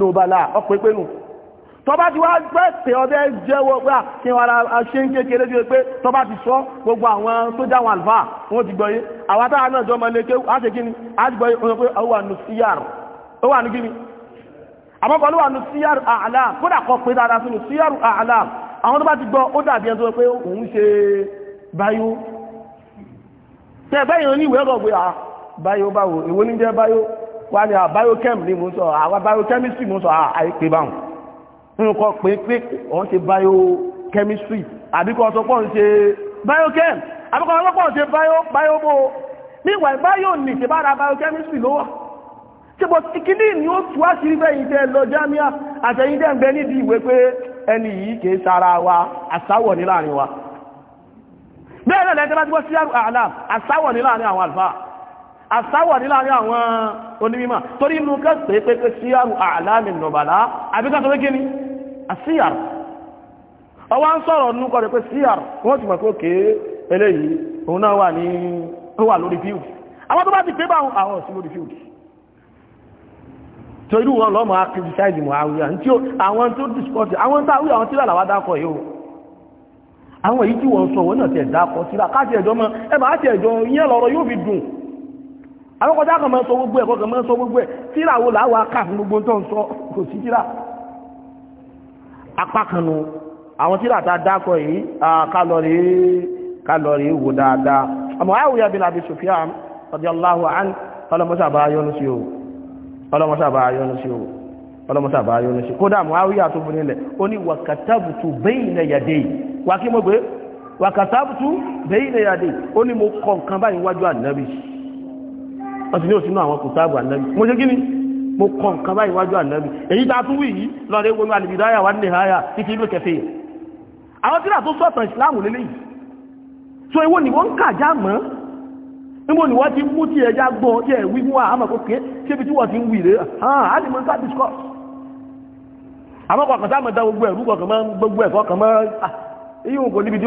S1: nobala ọkọ̀ ìpẹ́nu tọba ti wá gbẹ́sẹ̀ ọdẹ jẹ́wọ́ pé kí wọ́n ara ṣe ń kékeré bí pé tọba ti sọ gbogbo àwọn sójà àwọn àlùfáà wọ́n ti gbọ́yé àwọn táwọn náà jọ mọ̀lẹ́kẹ́ àti kíni àti gbọ́yé wọ́n pé ó wà nù cr ó wà nù kíni àmọ́kọ́ ló wà nù cr àlà kódà kọ́ pé dáadáa sínú cr àlà àwọn tó bá ti gbọ́ ó dàbí ẹni tó pé òun ṣe báyó tẹ́ bẹ́ẹ̀ yẹn ní ìwé ọ̀rọ̀ báyó báwo nǹkan pé pé òun ṣe biochemistry àbíkọ́ sọ pọ́ ń ṣe biochem àbíkọ́ sọ pọ́ ń ṣe biobo níwà báyò ní ṣe bára biochemistry ló wà tí bọ̀ ìkíní ni ó tú àṣírí bẹ́yìn tẹ́ lọ jámíà àtẹ̀yìn tẹ́ ń bẹ nídìí ìwé pé ẹni yìí kìí sára wa àsáwọ̀ ní láàrin wa bẹ́ẹ̀ náà lẹ́tẹ́ bá ti bọ́ sí àlàm àsáwọ̀ ní láàrin àwọn àlùfáà àsáwọ̀ ní láàrin àwọn onímọ̀ torí inú kẹsẹ̀ pẹ́pẹ́ síyàrù àlámì nọ̀bàlá àbíkà tó wékí ni àsíyàrù ọwá ń sọ̀rọ̀ nú kọ̀ rẹ̀ pé síyàrù wọ́n ti mọ̀ pé òkè eléyìí òun náà wà ní ó wà lórí fíìlì àwọn tó bá ti pé bá àwọn sí lórí fíìlì tó irú wọn lọ́mọ akẹ́bíṣáìdì mọ̀ àwùyà tí àwọn tó dìskọ́tì àwọn tó àwùyà àwọn tí làlàwà dákọ̀ yóò àwọn èyí tí wọ́n sọ wọ́n náà ti ẹ̀dá kọ́ síra káàkiri ẹ̀jọ́ mọ́ ẹ̀bà á ti ẹ̀jọ́ lọ́rọ̀ yóò fi dùn àwọn kọjá kan máa sọ gbogbo ẹ̀ kọkàn máa sọ gbogbo ẹ̀ tíra wo làwọn aká fún gbogbo tó ń sọ kò sí tíra apá kan nu àwọn tíra tá a dákọ yìí kálọ̀rì kálọ̀rì wò dáadáa àmọ́ àwòyá bin Abi Sufyan radiyallahu anhu ọlọ́mọsá bá yọ́nu sí o ọlọ́mọsá bá yọ́nu sí o ọlọ́mọsá bá yọ́nu sí kódà mọ́ àwíyà tó fún nílẹ̀ ó ní wàkàtàbùtù bayna yadayhi wà kí mo gbé wàkàtàbùtù bayna yadayhi ó ní mo kọ nǹkan báyìí wájú ànábì wọ́n ti ní òsínú àwọn kùtàbù ànábì mo ṣe kíni mo kọ nǹkan bá ìwájú ànábì èyí tá a tún wì yìí lọ́ọ̀rẹ́ wọnú alìbìdáyà wà ní ìháyà títí ìlú kẹfẹ́ àwọn tíra tó sọ̀tàn ìsìláàmù lélẹ́yìí so ìwọ ni wọ́n ń kà já mọ́ níbo ni wọ́n ti mú tí ẹja gbọ́ tí ẹ̀ wí mú àmọ́ kó ké ṣébi tí wọ́n ti ń wì rẹ̀ hàn á lè mọ́ ká discourse àmọ́ kọ̀ọ̀kan sáà mọ́ da gbogbo ẹ̀rú kọ̀ọ̀kan mọ́ gbogbo ẹ̀kọ́ kan mọ́ iyùn ah, kò níbi tí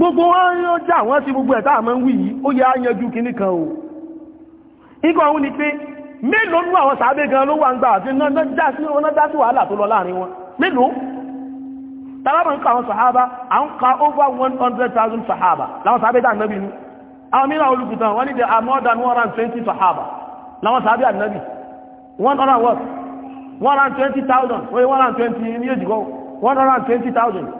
S1: gbogbo wọn yóò já àwọn sí gbogbo ẹ̀ta àmọ́ wí yìí ó yẹ kìíní kan o ikọ̀ ni pé mélòó ní àwọn sàábé gan ló wà ń gbà àti náà sí wàhálà tó lọ láàrin wọn mélòó tàbí ń ka ka over 100,000 sàhábà láwọn sàábé dà ní there more than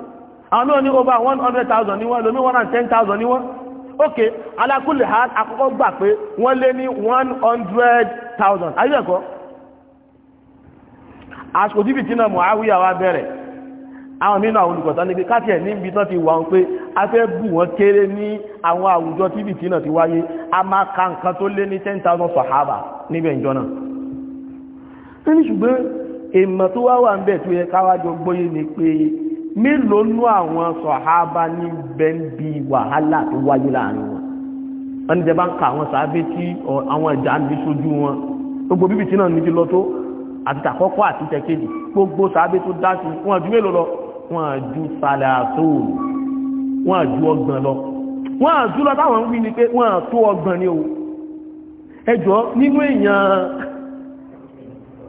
S1: àwọn náà ní over one hundred thousand ní wọ́n lómi one and ten thousand ní wọ́n ok alákùlẹ̀ ha àkọ́kọ́ gbà pé wọ́n lé ní one hundred thousand ayé ẹ̀kọ́ àsìkò jìbìtì náà Muawiya wá bẹ̀rẹ̀ àwọn mínú àwọn olùkọ̀ta ní pé káàkiri níbi tán ti wà ń pé a fẹ́ bù wọ́n kéré ní àwọn àwùjọ jìbìtì náà ti wáyé a máa ka nǹkan tó lé ní 10,000 sahaba níbẹ̀ ìjọ náà ní ṣùgbọ́n èèmọ̀ tó wá wà ń bẹ̀ tó yẹ káwájọ gbóyé ni pé mélòó nú àwọn sọ̀hábà ní bẹ́ńbí wàhálà tó wáyé láàrin wọn wọ́n ní jẹba ń ka àwọn sàábé tí àwọn ìjà ń bí sójú wọn gbogbo bíbí tí náà ní ti lọ tó àti tàkọ́kọ́ àti tẹ̀kejì gbogbo sàábé tó dá sí wọn ju mélòó lọ wọn ju sàlẹ̀ àtò wọn ju ọgbọ̀n lọ wọn ju lọ táwọn ń wí ni pé wọn tó ọgbọ̀n ni o ẹjọ́ nínú èèyàn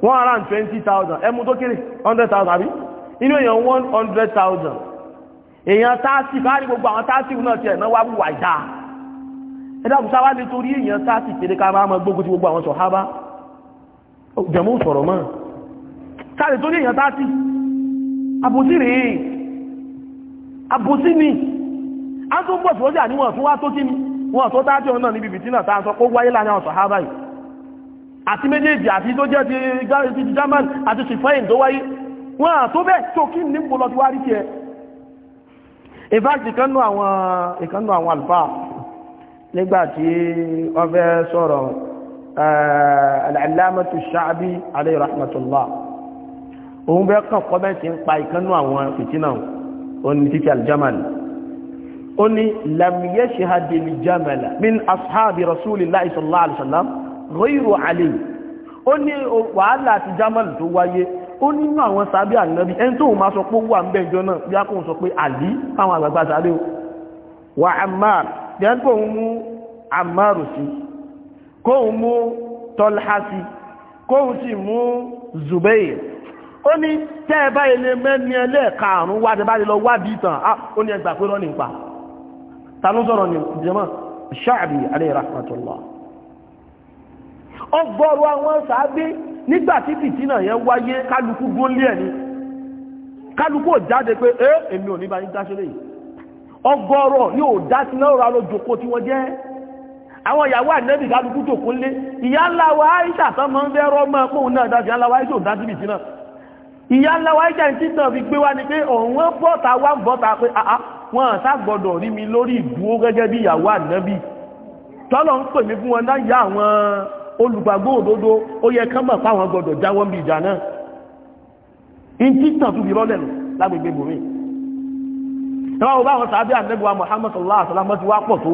S1: one hundred and twenty thousand ẹmu tó kéré hundred thousand àbí inú èèyàn one hundred thousand èèyàn táàsì káàrí gbogbo àwọn táàsì náà tiẹ̀ náà wá wùwà ìdá ẹ̀dá kùsà wá lè torí èèyàn táàsì péré ká máa gbógun ti gbogbo àwọn sọ̀hábà jẹ̀mú sọ̀rọ̀ mọ́ káàrí torí èèyàn táàsì àbòsí rèé àbòsí ni a tó ń bọ̀ tí wọ́n jà ní wọn fún wá tó kí ni wọn tó táàsì ọ̀nà níbi bìtínà táà sọ pé wáyé láàrin àwọn sọ̀hábà yìí àti méjèèjì àti tó jẹ́ ti german wọ́n à tó bẹ́ẹ̀ tó kí ní gbọ́lọ́ ti wá rí tiẹ̀ ìfáàsì kan nú àwọn ìkan nú àwọn àlùfáà wọ́n fẹ́ sọ̀rọ̀ eh, al-allamatu Sha'bi alayhi rahmatullah òun bẹ́ẹ̀ kàn jamala min ashabi rasulillahi sallallahu alaihi wasallam Ali ó wàhálà àti jamal tó wáyé ó nínú àwọn sàbí ànábì ẹni tó máa sọ pé ó wà ń bẹ́ẹ̀jọ́ náà bí a kò sọ pé àlí fáwọn àgbàgbà sàbí o wà Ammar bí a kò mú Ammar sí kò mú Talha sí kò sì mú Zubair ó ní tẹ́ ẹ ilé mẹ́ni ẹlẹ́ẹ̀karùn-ún wá bá lè lọ wádìí tàn ó ní ẹgbà pé lọ́nà ìpa ta ló ní jẹ́mọ́ Sha'bi alayhi rahmatullah ọgbọ́rọ̀ àwọn sàábé nígbà tí fìtínà yẹn wáyé kálukú gúnlé ẹ̀ ni kálukú ò jáde pé ẹ eh, èmi ò ní bá yín dáṣẹ́lẹ̀ yìí ọgọ́rọ̀ ní ò dá sí náà rárá jòkó tí wọ́n jẹ́ àwọn ìyàwó ànẹ́bì kálukú jòkó lé ìyá ńlá wa Aisha tán máa ń fẹ́ rọ́ mọ́ pòun náà dájú ńlá wa Aisha ò dá síbì sí náà ìyá ńlá wa Aisha ti tàn fi gbé wá ni pé òun bọ́ta wá ń bọ́ta pé ah, ah, wọ́n ṣàgbọ́dọ̀ rí mi lórí ìdúró gẹ́gẹ́ bí ìyàwó ànẹ́bì tọ́lọ̀ ń pè mí fún wọn náà yá àwọn olùgbàgbọ́ òdodo ó yẹ kán fáwọn gbọdọ̀ jáwọ́ bí ìjà náà in tí tàn tún fi rọ́lẹ̀ lọ lágbègbè bòmí ìwọ́n wo báwọn sàábí àdẹ́gbà Muhammad sallallahu alaihi wasallam ti wá pọ̀ tó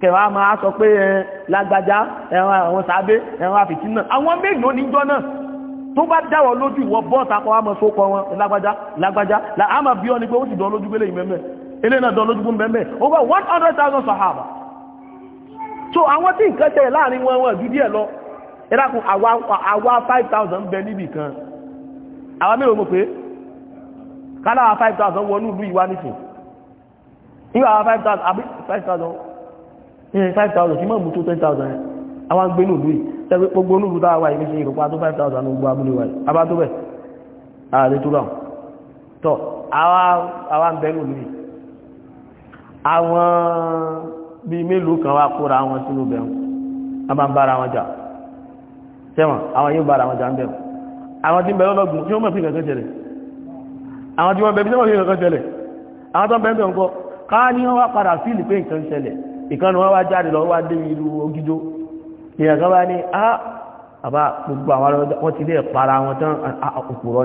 S1: kẹwàá máa sọ pé ẹ lágbájá ẹwà àwọn sàábé ẹwà àfìtí náà àwọn mélòó níjọ náà tó bá dáwọ̀ lójú ìwọ bọ́ọ̀tà kọ́ àmọ́ sókọ wọn lágbájá lágbájá là á bí ọ ni pé ó sì dán lójú gbélé ìmẹ́mẹ́ eléyìí náà dán lójú gbélé ìmẹ́mẹ́ over one hundred thousand sahaba so àwọn tí nǹkan tẹ̀ láàrin wọn wọn ju díẹ̀ lọ ẹ dákun àwa five thousand bẹ níbì kan àwa mélòó mo pé káláwa five thousand wọnú ìlú ìwá nìsín nígbà àwa five thousand àbí five thousand five thousand kí mọ̀ mú tó ten thousand yẹn àwọn gbé nílùú yìí tẹ́gbẹ́ gbogbo nílùú tá a wà ìgbésẹ̀ ìrọ̀pá tó five thousand gbogbo abúlé wa yìí abá tó bẹ̀ ààrẹ tó ráhùn tọ́ àwa ń bẹ nílùú yìí àwọn bíi mélòó kan wá kóra wọn sínú bẹ̀rù wọn bá ń bára wọn jà sẹ́wọ̀n àwọn yóò bára wọn jà ń bẹ̀rù àwọn tí ń bẹ̀rẹ̀ lọ́gbùn tí ó mọ̀ sí ìkẹ̀kẹ́ tẹ̀lẹ̀ àwọn tí wọ́n bẹ̀rẹ̀ tí wọ́n sí ìkẹ̀kẹ́ tẹ̀lẹ̀ àwọn tó bẹ̀rẹ̀ ǹkọ́ káà ní wọ́n wá padà fíìlì pé nǹkan ṣẹlẹ̀ ìkanu wọ́n wá jáde lọ wá dé irú ogídó ìyẹn kan bá ní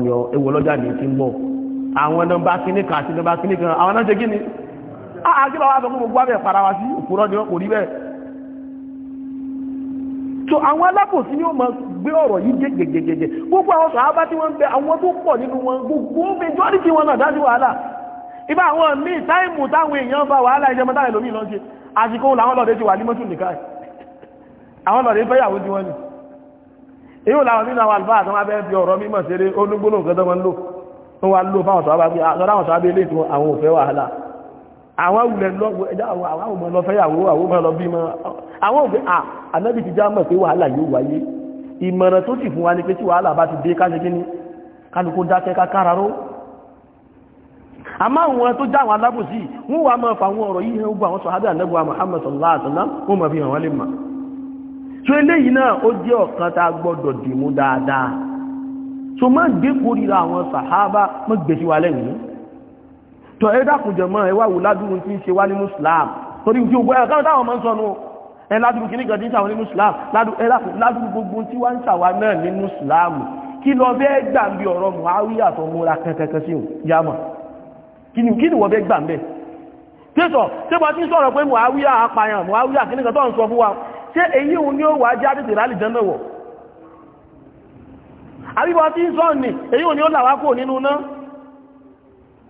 S1: ni ewu ọlọ́jà ní ti àgbà ah, ah, wà sọ gbogbo abẹ́ fara wa sí òkúrọ́ ni wọ́n kò rí bẹ́ẹ̀ so àwọn alábòsí ni ó máa gbé ọ̀rọ̀ yìí gẹ́gẹ́gẹ́gẹ́ gbogbo àwọn sàábá tí wọ́n ń bẹ àwọn tó pọ̀ nínú wọn gbogbo majority wọn náà dájú wàhálà ibá àwọn míì táìmù táwọn èèyàn bá wàhálà ìjẹmọ́tà ìlòmí lọ́n ṣe àsìkò làwọn lọ́dẹ ti wà ní mọ́tún nìkan àwọn lọ́dẹ fẹ́yàwó tí wọ́n ní èyí làwọn nínú àwọn àlùfáà tó máa bẹ́ẹ̀ fi ọ̀rọ̀ mímọ̀ ṣeré ó ní gbólóhùn kan àwọn wulẹ̀ lọ́wọ́ ẹ̀dá àwọn ọmọ lọ fẹ́yàwó àwọn ọmọ lọ bímọ àwọn òbí à ànábì ti já mọ̀ pé wàhálà yóò wáyé ìmọ̀ràn tó sì fún wa ni pé tí wàhálà bá ti dé ká ṣe kí ni kálukú dákẹ́ ká kára ró àmọ́ àwọn tó já àwọn alábòsí wọ́n wà máa fa àwọn ọ̀rọ̀ yìí hàn gbogbo àwọn sọ̀hábì ànábì wa Muhammad sallallahu alaihi wasallam wọ́n máa fi hàn wa lẹ́yìn tọ́ ẹ dákùnjẹ̀ mọ́ ẹ wá wò ládùn tí ń ṣe wá ní muslim torí ojú ogun ẹ̀ka táwọn máa ń sọnù ẹ ládùn kìíní kan tí ń ṣàwọn ní muslim ládùn gbogbo tí wá ń ṣàwá náà ní muslim kí lọ bẹ́ẹ̀ gbà ń bí ọ̀rọ̀ muhawiya tó múra kankan sí yàmọ̀ kí ni wọ́n bẹ́ẹ̀ gbà ń bẹ́ẹ̀ tẹ́sọ̀ tẹ́bọ̀ tí ń sọ̀rọ̀ pé muhawiya apàyàn muhawiya kìíní kan tó ń sọ fún wa ṣé èyí òun ni ó wà jẹ́ àtètè rálì jẹ́mẹ̀ wọ̀ àríwá tí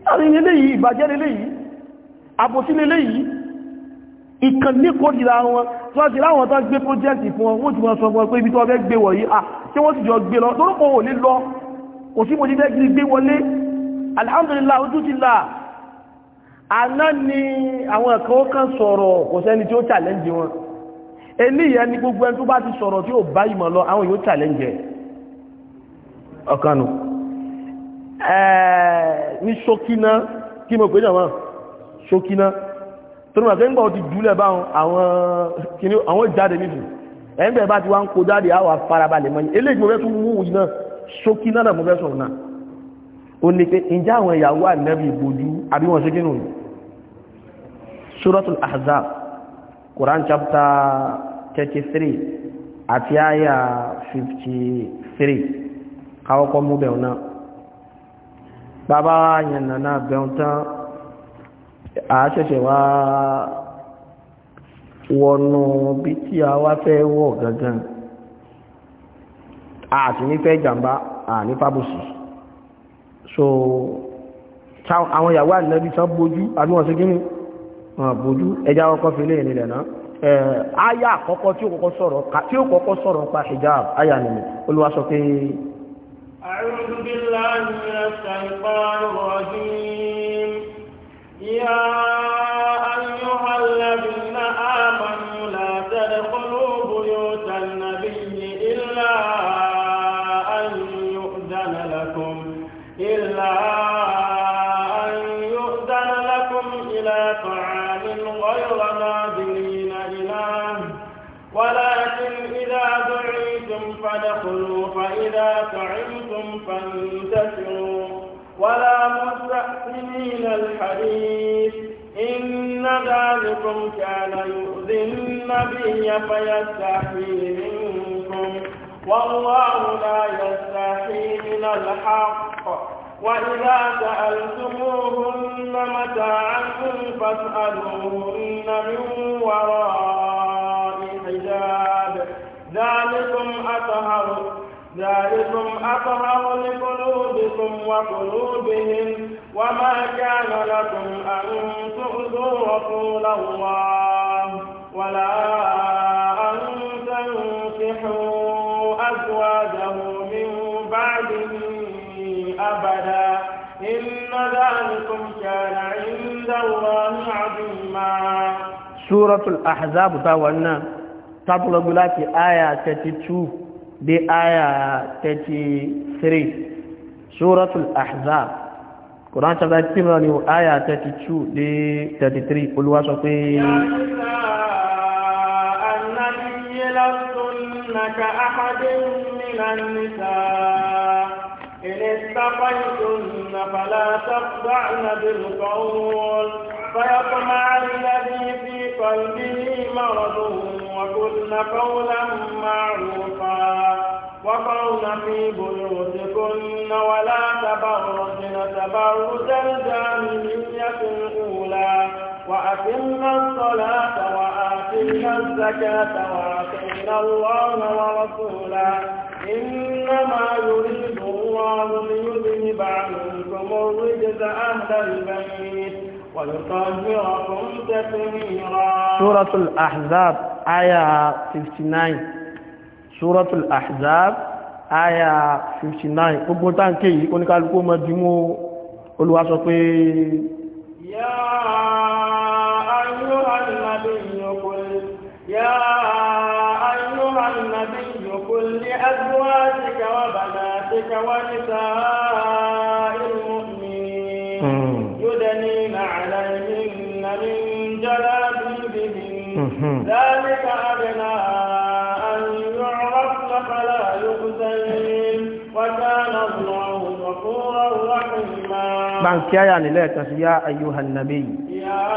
S1: àrínilé yìí ìbàjẹ́lélé yìí àbòsílélé yìí ìkànnì kòdìrà wọn tó ti láwọn tó gbé pọ́jẹ́ǹtì fún wọn wọ́n ti wọ́n sọ fún ọ pé ibi tó ọbẹ̀ gbé wọ̀ yìí à tí wọ́n ti jọ gbé lọ lórúkọ ò lè lọ kò sí mojú fẹ́ gbé wọlé alhamdulillah ojú ti là àná ni àwọn kan kan sọ̀rọ̀ kò sẹ́ni tí ó challenge wọn eléyìí ni gbogbo ẹni tó bá ti sọ̀rọ̀ tí ó bá ìmọ̀ lọ àwọn yóò challenge ọkànnù ní ṣókíná kí mo pè jọmọ́ ṣókíná tó nígbà tó ń gbà ó ti jùlẹ̀ bá àwọn jáde nìtù ẹgbẹ́ bá ti wá ń kó jáde àwọn afárabalẹ̀ mọ́ eléjì mo fẹ́ tún mú iná ṣókíná náà mo fẹ́ sọ̀rọ̀ náà ó ní pé ǹjẹ́ àwọn ìyàwó suratul ahzab quran chapter 33 àti àyà 53 káwọ́kọ́ mú bẹ̀rún náà bàbá yẹn nànà bẹ̀rún tán àṣẹ̀ṣẹ̀ wá wọnú bí tí a wá fẹ́ wọ̀ gangan àti nífẹ́ jàmbá àní fábùsì so àwọn ìyàwó ànẹ́bí sán bójú àbíwọ̀n sí gíní wọn bójú ẹjá ọkọ̀ fi lè nílẹ̀ náà àyà àkọ́kọ́ tí ó kọ́kọ́ sọ̀rọ̀ pa hijab àyà nìyẹn Olúwa sọ
S2: أعوذ بالله من الشيطان الرجيم يا أيها الذين آمنوا لا تدخلوا بيوت النبي إلا وإذا طعمتم فانتشروا ولا مستأثمين الحديث إن ذلكم كان يؤذي النبي فيستحي منكم والله لا يستحي من الحق وإذا سألتموهن متاعا فاسألوهن من وراء حجاب ذلكم أطهر ذلكم أطهر لقلوبكم وقلوبهم وما كان لكم أن تؤذوا رسول الله ولا أن تنكحوا أزواجه من بعده أبدا إن ذلكم كان عند الله عظيما
S1: سورة الأحزاب تاولنا تطلب لك آية 32 dai aya 33 suratul ahzab Quran chapter 3 ni aya 32 dé 33 Olúwa sọ pé
S2: لك أحد من النساء إن استقيتن فلا تخضعن بالقول فيطمع الذي في قلبه مرض وقلن قولا معروفا وقرن في بيوتكن ولا تبرجن تبرج الجاهلية الأولى وأقمنا الصلاة وآتينا الزكاة وأطعنا الله ورسوله إنما يريد الله ليذهب عنكم الرجس أهل البيت
S1: Suratul Ahzab aya 59 Suratul Ahzab aya 59 gbogbo táǹkì yìí oníkálukú mọ́ dìmú Olúwa sọ pé
S2: yá ayyuhan nabiyyu qul yá ayyuhan nabiyyu qul li azwajika wa banatika wa nisaa'il ذلك أدنى أن يعرفن فلا يؤذين وكان الله غفورا رحيما بعد كيان
S1: يعني لا يا أيها النبي
S2: يا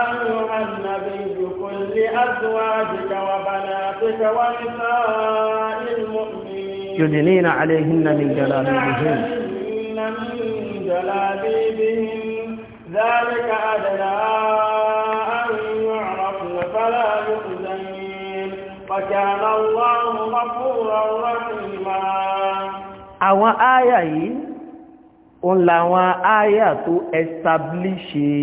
S2: أيها النبي قل لأزواجك وبناتك ونساء المؤمنين
S1: يدنين عليهن من جلابيبهن
S2: من جلابيبهن ذلك أدنى أن ولا يحزن وكان الله غفورا رحيما
S1: àwọn ááyà yìí òun làwọn ááyà tó ẹstablíṣe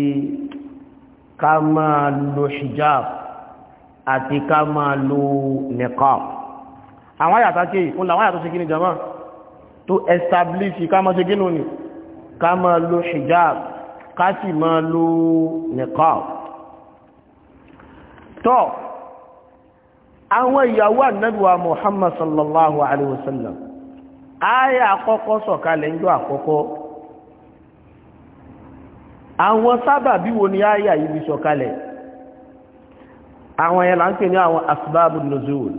S1: ká máa lo hijab àti ká máa lo niqab àwọn ááyà tá kéyì òun làwọn ááyà tó ṣe kí ni jama tó ẹstablíṣe ká máa ṣe kí ni ká máa lo hijab ká sì máa lo niqab tọ́ àwọn ìyàwó ànábìwá muhammad sallallahu alayhi wa sallam aya àkọ́kọ́ sọ̀kalẹ̀ ńjọ́ àkọ́kọ́ àwọn sábàbí wo ni aya yìí bí sọ̀kalẹ̀ àwọn ẹ̀là ń pè ní àwọn asbábù nuzul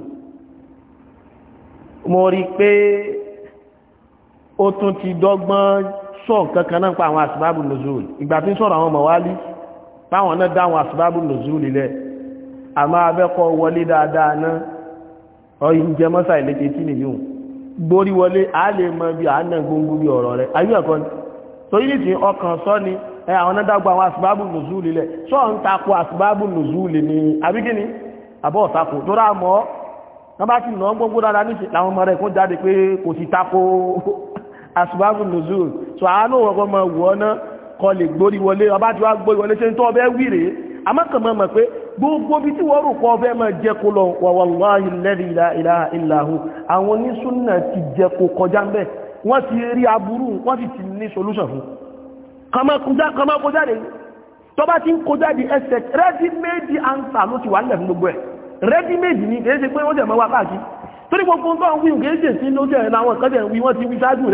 S1: mo rí pé ó tún ti dọ́gbọ́n sọ nǹkan náà pa àwọn asbábù nuzul ìgbà tí ń àwọn mọ̀wálí páwọn náà dá àwọn asbábù nuzul lẹ̀ àmọ́ abẹ́kọ̀ wọlé dáadáa náà ọyìn jẹ mọ́sà ìlékè tí nìyí hùn gbórí wọlé a lè mọ bí a náà gbóngbó bí ọ̀rọ̀ rẹ̀ ayé ẹ̀kọ́ ni torí ní ọkàn sọ ni ẹ àwọn náà àwọn sọ ń takò àsìbábù nùzúùlì ni àbíkíni àbọ̀ ọ̀takò tó rà mọ́ bá ti nà gbóngbó dáadáa níṣẹ́ làwọn ọmọ rẹ̀ jáde pé kò sì takò amákànmọ́ mọ̀ pé gbogbo bí tí wọ́n rò pọ̀ ọbẹ̀ máa jẹ́kó lọ wa wallahi alladhi la ilaha illa hu àwọn onísúnnà ti jẹ́kó kọjá ń bẹ̀ wọ́n ti rí aburú wọ́n ready made answer ló ti wà nílẹ̀ fún gbogbo ready made ni kìí ṣe pé wọ́n jẹ̀ mọ́ wá káàkiri torí gbogbo ń tọ́ ń wíwù kìí ṣe sí ló jẹ́ ẹ̀ láwọn kan jẹ́ ń wí wọ́n ti wí ṣáájú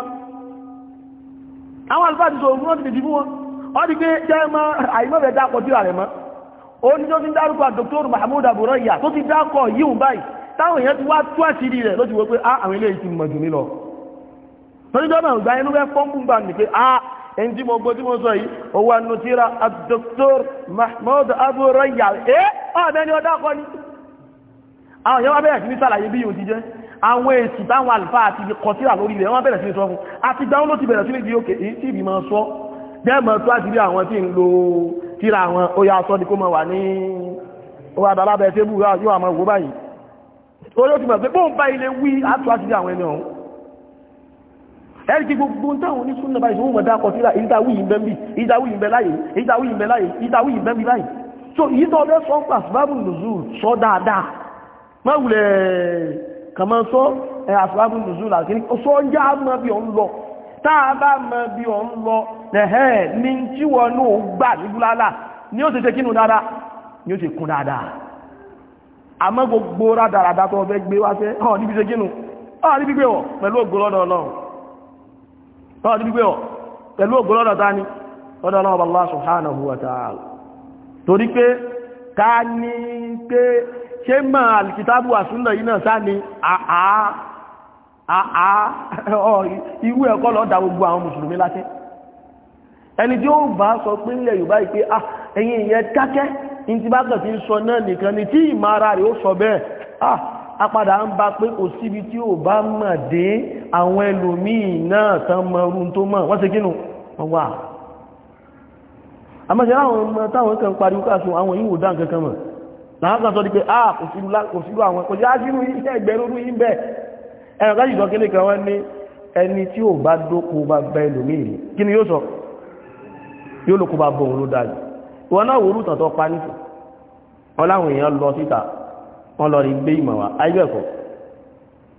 S1: rẹ̀ àwọn àlùfáà ti sọ òun náà ti dìbò wọn wọ́n ti pé jẹ́ mọ́ àìmọ́bẹ̀ dákọ̀ tí rẹ̀ mọ́ ó ní tó ti dárúkọ Dr. Mahmoud Aburaya tó ti dákọ̀ yíò báyìí táwọn èèyàn ti wá tú àṣírí rẹ̀ ló ti wọ́n pé ah, àwọn ilé ìtì mọ̀jù mí lọ lójújọ́ náà ah ẹni tí mo gbọ́ tí mo Mahmoud Aburaya ẹ́ eh, ọ̀bẹ́ni ọdákọ́ ni àwọn èèyàn wá bẹ̀rẹ̀ sí ní sàlàyé bí àwọn èsì táwọn àlùfáà àti kọtíra lórí rẹ̀ wọ́n bẹ̀rẹ̀ sí ní sọ fún àti gbáwọn ló ti bẹ̀rẹ̀ sí ní di òkè èyí tí ìbímọ sọ jẹ́mọ̀ tó àti rí àwọn tí ń lo tíra àwọn ó yá sọ ní kó mọ̀ wà ní owó adálábẹ̀ tébù yóò àmọ́ òwú báyìí ó yóò ti mọ̀ pé bóun bá ilé wí àtò àti rí àwọn ẹni ọ̀hún ẹ̀rí kí gbogbo táwọn oníṣúná báyìí wọ́n mọ̀ dákọ̀ síra ìdáwí ìbẹ̀mbì ìdáwí ìbẹ̀láyè ìdáwí ìbẹ̀láyè ìdáwí ìbẹ̀mbì láyè so ìyí tó ọdẹ sọ pàṣẹ bábùlù zù sọ dáadáa má wulẹ̀ kàmọ́ sọ àfúrábù nùzúlà kí ó sọ ń já mọ́ bí ọ ń lọ táà bá mọ́ bí ọ ń lọ ẹ̀hẹ́ ní tí wọ́n ní ó gbà ní búlálà ní ó ti ṣe kínú dáadáa ní ó ti kún dáadáa àmọ́ gbogbo rádaràdá tó pẹ̀lú ògbólọ́dọ̀ ọlọ́run ọ̀ níbi gbé wọ̀ pẹ̀lú ògbólọ́dọ̀ Allah subhanahu wa ta'ala torí pé ká ní pé ṣe mọ́ alìkìtàbù àsúnà yìí náà sáà ni àà àà ìwú ẹ̀kọ́ lọ dá gbogbo àwọn mùsùlùmí lákẹ́ ẹni tí ó bá sọ pé ilẹ̀ Yorùbá ìpé ah, ẹ̀yìn ìyẹn dákẹ́ in ti bá kàn fi ń sọ náà nìkan ni tí ìmára rẹ̀ ó sọ bẹ́ẹ̀ apadà ah, ń bá pé kò síbi tí ò bá mọ̀ dé àwọn ẹlòmíì náà tán mọ orun tó mọ̀ wọ́n ṣe kínú wọ́n wà láwọn ọmọ táwọn kan pariwo káàkiri àwọn yíò dá nǹkan kan mọ̀ láàrín sọ ní pé ah kò sírú àwọn kò sí ájírú iṣẹ́ ìgbẹ̀rún yìí bẹ́ẹ̀ ẹ̀rọ láti sọ kílé kan wọ́n ní ẹni tí ò bá dókò bá bá ẹlòmíì kí ni yóò sọ yóò lókò bá bọ̀ òun ló dájú wọn náà wòrú tàn tó pa nífò wọn láwọn èèyàn lọ síta wọn lọ rí gbé ìmọ̀ wa ayé ẹ̀kọ́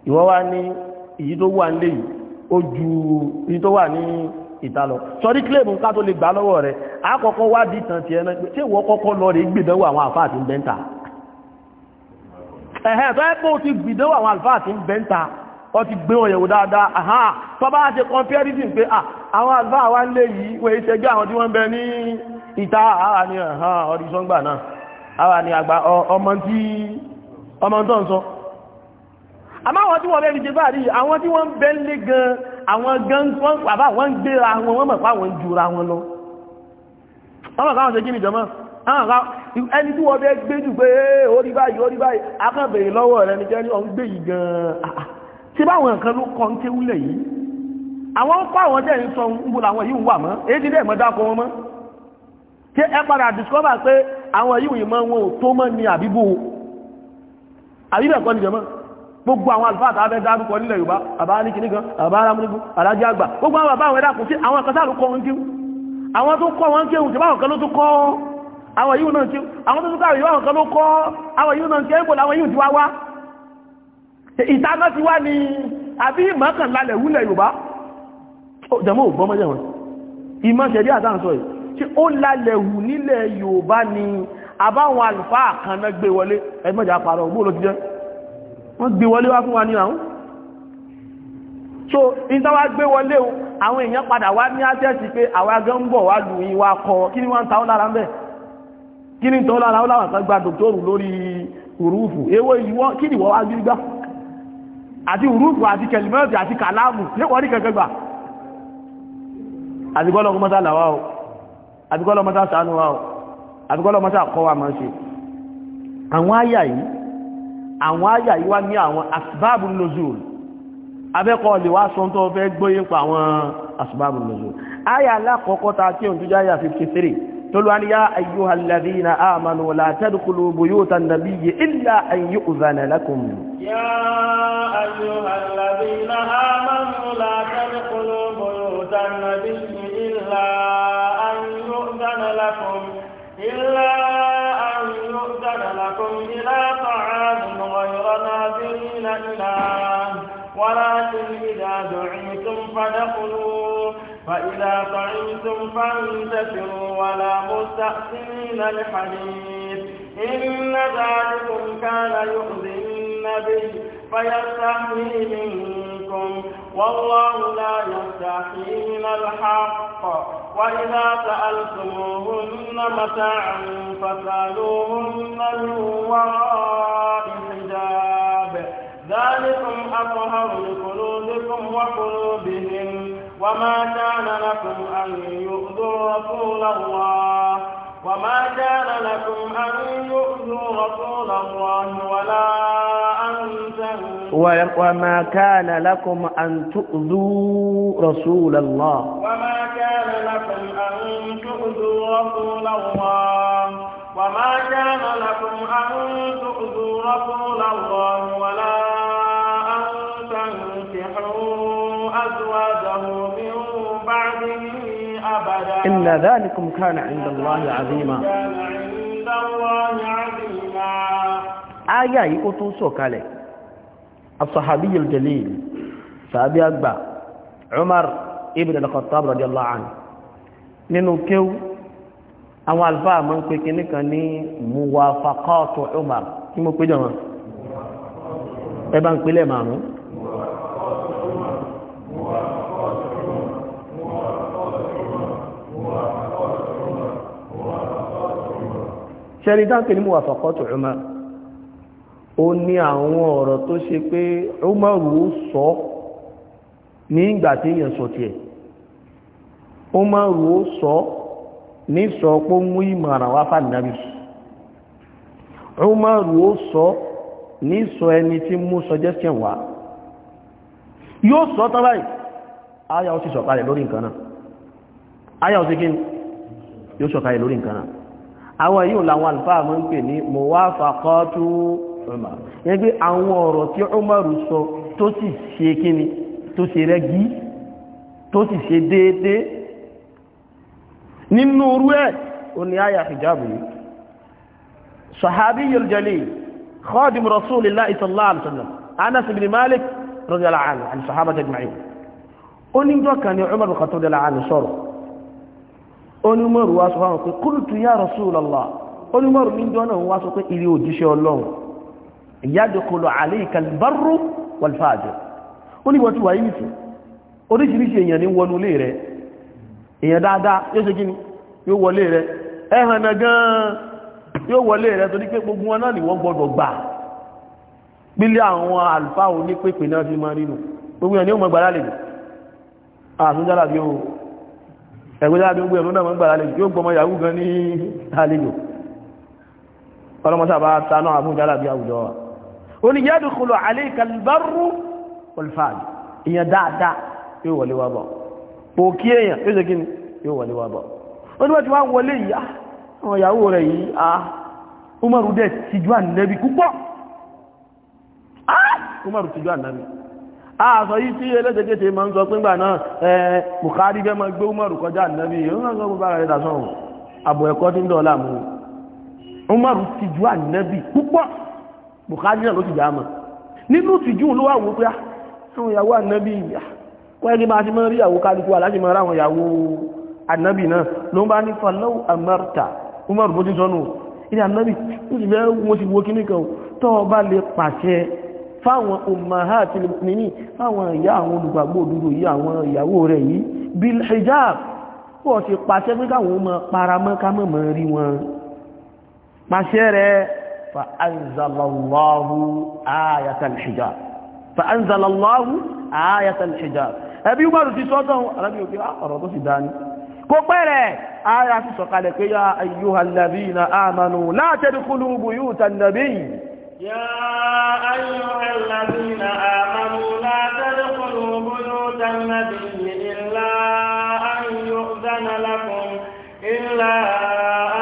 S1: ìwọ wá ní èyí tó wà nílé ẹ̀hẹ́ tó ẹ́ pé ó ti gbìdó àwọn àlùfáà tí ń bẹ́ ń ta ọ ti gbé wọn yẹ̀wò dáadáa àhán tó bá ṣe comparison pé àwọn àlùfáà wá ń lé yìí wọ́n ṣe gbé àwọn tí wọ́n ń bẹ ní ìta àwà ní ẹ̀hán ọdí sọ́ngbà náà àwà ní àgbà ọmọ tí ọmọ tó ń sọ àmọ́ àwọn tí wọ́n bẹ́ẹ̀ fi ṣe báà rí àwọn tí wọ́n bẹ́ ń Ah, ẹni tí wọ́n bẹ́ gbé jù pé eh, orí báyìí orí báyìí akọ́bẹ̀rẹ̀ lọ́wọ́ rẹ̀ ní jẹ́rí ọ̀n gbé yìí gan-an tí ah, ah. báwọn nǹkan ló kọ́ ń kéwúlẹ̀ yìí àwọn kọ́ àwọn jẹ́ ń sọ ń wo làwọn yìí ń wà mọ́ èyí ti dẹ̀ mọ́ dákọ̀ wọn mọ́ tí ẹ padà discover pé àwọn yìí ìmọ̀ wọn ò tó mọ́ ní àbíbò àbíbẹ̀kọ́ nìjọ mọ́ gbogbo àwọn àlùfáà tàà fẹ́ dárúkọ nílẹ̀ Yorùbá àbá ní kìnnìkan àbá arámúnigun alájí àgbà gbogbo àwọn bàbá àwọn ẹ̀dàkùn sí àwọn akẹ́sàlù kọ́ wọn kéwù àwọn tó kọ́ wọn kéwù tí báwọn kan ló tó kọ́ àwọn yíò náà tí àwọn tó túnkà ìwọ̀n kan ló kọ́ àwọn yíò náà tí ẹ́gbò láwọn yíò ti wá wá ìtaná ti wá ní àbí ìmọ̀kànlálẹ̀ wúlẹ̀ Yorùbá jẹmọ́ ògbọ́mọ́jẹ̀ ni àbáwọn àlùfáà kan náà gbé wọlé ẹgbẹ́jà parọ́ ògbó ló ti jẹ́ wọ́n gbé wọlé wá fún wa ní àwọn so ìtawà gbé wọlé àwọn èèyàn padà wá ní àṣẹ́sì pé àwọn agán ń bọ̀ wá lù yí wá kọ kí ni wọ́n ń ta ọ́ lára ń bẹ́ẹ̀ kí ni tọ́lá ara ọlọ́wà kan gba dòktórù lórí òrùfù ewé ìwọ́ kí ni wọ́n wá gbígbá àti òrùfù àti kẹlìmọ́ọ̀tì àti kàláàmù lẹ́kọ̀ọ́ ní kẹ̀kẹ́ gbà àbíkọ́lọ́ mọ́tà làwà o àbíkọ́lọ́ mọ́tà sànú wa o àbíkọ́lọ́ mọ́tà kọ́ wa máa ṣe àwọn àyà yìí àwọn àyà yìí wá ní àwọn asbábù nuzul abẹ́kọ́ lè wá sọ tó fẹ́ gbóyé pa àwọn asbábù nuzul àyà alákọ̀ọ́kọ́ ta تلوان يا أيها الذين آمنوا لا تدخلوا بيوت النبي إلا أن يؤذن لكم
S2: يا أيها الذين آمنوا لا تدخلوا بيوت النبي إلا أن يؤذن لكم إلا أن يؤذن لكم إلى طعام غير نازلين إلى ولكن إذا دعيتم فدخلوا فإذا طعنتم فانتشروا ولا مستأثرين الحديث إن ذلكم كان يؤذي النبي فيستحي منكم والله لا يستحي من الحق وإذا سألتموهن متاعا فسألوهن من وراء حجاب ذلكم أطهر لقلوبكم وقلوبهم وما كان لكم أن يؤذوا رسول الله وما كان لكم أن يؤذوا رسول الله ولا أن
S1: وما كان لكم أن تؤذوا رسول الله
S2: وما كان لكم أن تؤذوا رسول الله وما كان لكم أن تؤذوا رسول الله إن ذلكم كان عند الله عظيما
S1: آية يقول سوكالي الصحابي الجليل فأبي أكبر عمر ابن الخطاب رضي الله عنه nínú kéwú àwọn àlùfáà máa ń pe kinní kan ní muwafaqatu Umar kí mo pé jọ̀wọ́n ẹ bá ń pelé márùn-ún ṣẹ́rí dáńpé ní muwafaqatu Umar ó ní àwọn ọ̀rọ̀ tó ṣe pé Umar ó sọ ní ìgbà tí èèyàn sọ tiẹ̀ Umar ó sọ ní sọ pé mú ìmọ̀ràn wá fàdínàbí Umar ó sọ ní sọ ẹni tí mú suggestion wá yóò sọ tán ayá ó sì sọ̀kalẹ̀ lórí nǹkan náà ayá ó sì kí àwọn yíò làwọn àlùfáà mọ́ ń pè ní mọ̀wáfàkọ́tù Umar yẹn pé àwọn ọ̀rọ̀ tí Umaru sọ tó sì ṣe kíni tó ṣe rẹ́gí tó sì ṣe déédéé nínú orú ẹ̀ o ní àyà hijabu yìí sahabiyyul jalil khadim rasulillah sallallahu onímọ̀rù wá sọ fáwọn pé kúrùtù ya Rasulullah onímọ̀rù ní jọ náà wá sọ pé ilé òjíṣẹ́ ọlọ́run yadkhulu alayka al-barru wal-fajir ó ní wọ́tí wà yìí tù oríṣiríṣi èèyàn ní wọnú lé rẹ̀ èèyàn dáadáa yóò ṣe kíni yóò wọlé rẹ̀ ẹ̀hàn yóò wọlé torí pé gbogbo wọn ni wọ́n gbà pílé àwọn àlùfáà onípèpè náà fi máa nínú gbogbo èèyàn ẹgbẹ́lá àdúgbò ẹ̀rọ náà gbà lálejò yóò gbọmọ yahoo gan ní àlejò ọlọ́mọsá bá tanú àbújá lábí àwùjọ wa ó ní yẹ́dù kúlọ̀ àlékalbárú olùfààjì èèyàn dáadáa yóò wọlé wa bọ̀ òkí èèyàn yóò ṣe kí ni yóò wọlé wa bọ̀ ó ní wọ́n ti wá wọlé yìí ah, àwọn yahoo rẹ̀ yìí a ah, àṣọ yìí tí ẹlẹ́tẹ̀kẹ́tẹ̀ ma ń sọ píngbà náà ẹ̀ Bukhari fẹ́ ma gbé Umaru kọjá ànábì yìí wọ́n sọ gbogbo ara rẹ̀ dàsán àbọ̀ ẹ̀kọ́ tí ń dọ̀ọ́lá mú Umaru ti ju ànábì púpọ̀ Bukhari náà ló ti dá mọ̀ nínú tìjú ló wà wó pé ah, àwọn ìyàwó ànábì kọ́ ah, ẹni bá ti mọ́ rí ìyàwó kálukú aláṣẹ mọ́ ráwọn ìyàwó ànábì náà ló bá ní falau amarta Umaru bó ti sọnù ilé ànábì ó ti fẹ́ wo ti wo kíníkan tọ́ ọ bá lè pàṣẹ fáwọn ummahatil mu'minin fáwọn ìyá àwọn olùgbàgbọ́ òdodo yìí àwọn ìyàwó rẹ̀ yìí bil hijab bó ṣe pàṣẹ pé káwọn ọmọ paramọ́ ká mọ̀ mọ̀ rí wọn pàṣẹ rẹ̀ fa anzalallahu ayatal hijab ẹbí umaru ti sọ́dọ̀ ah, kò pẹ́rẹ̀ aya ti sọ̀kalẹ̀ pé ya ayyuhal ladhina amanu la tadkhulu buyutan nabiy
S2: يا أيها الذين آمنوا لا تدخلوا بيوت النبي إلا أن يؤذن لكم إلا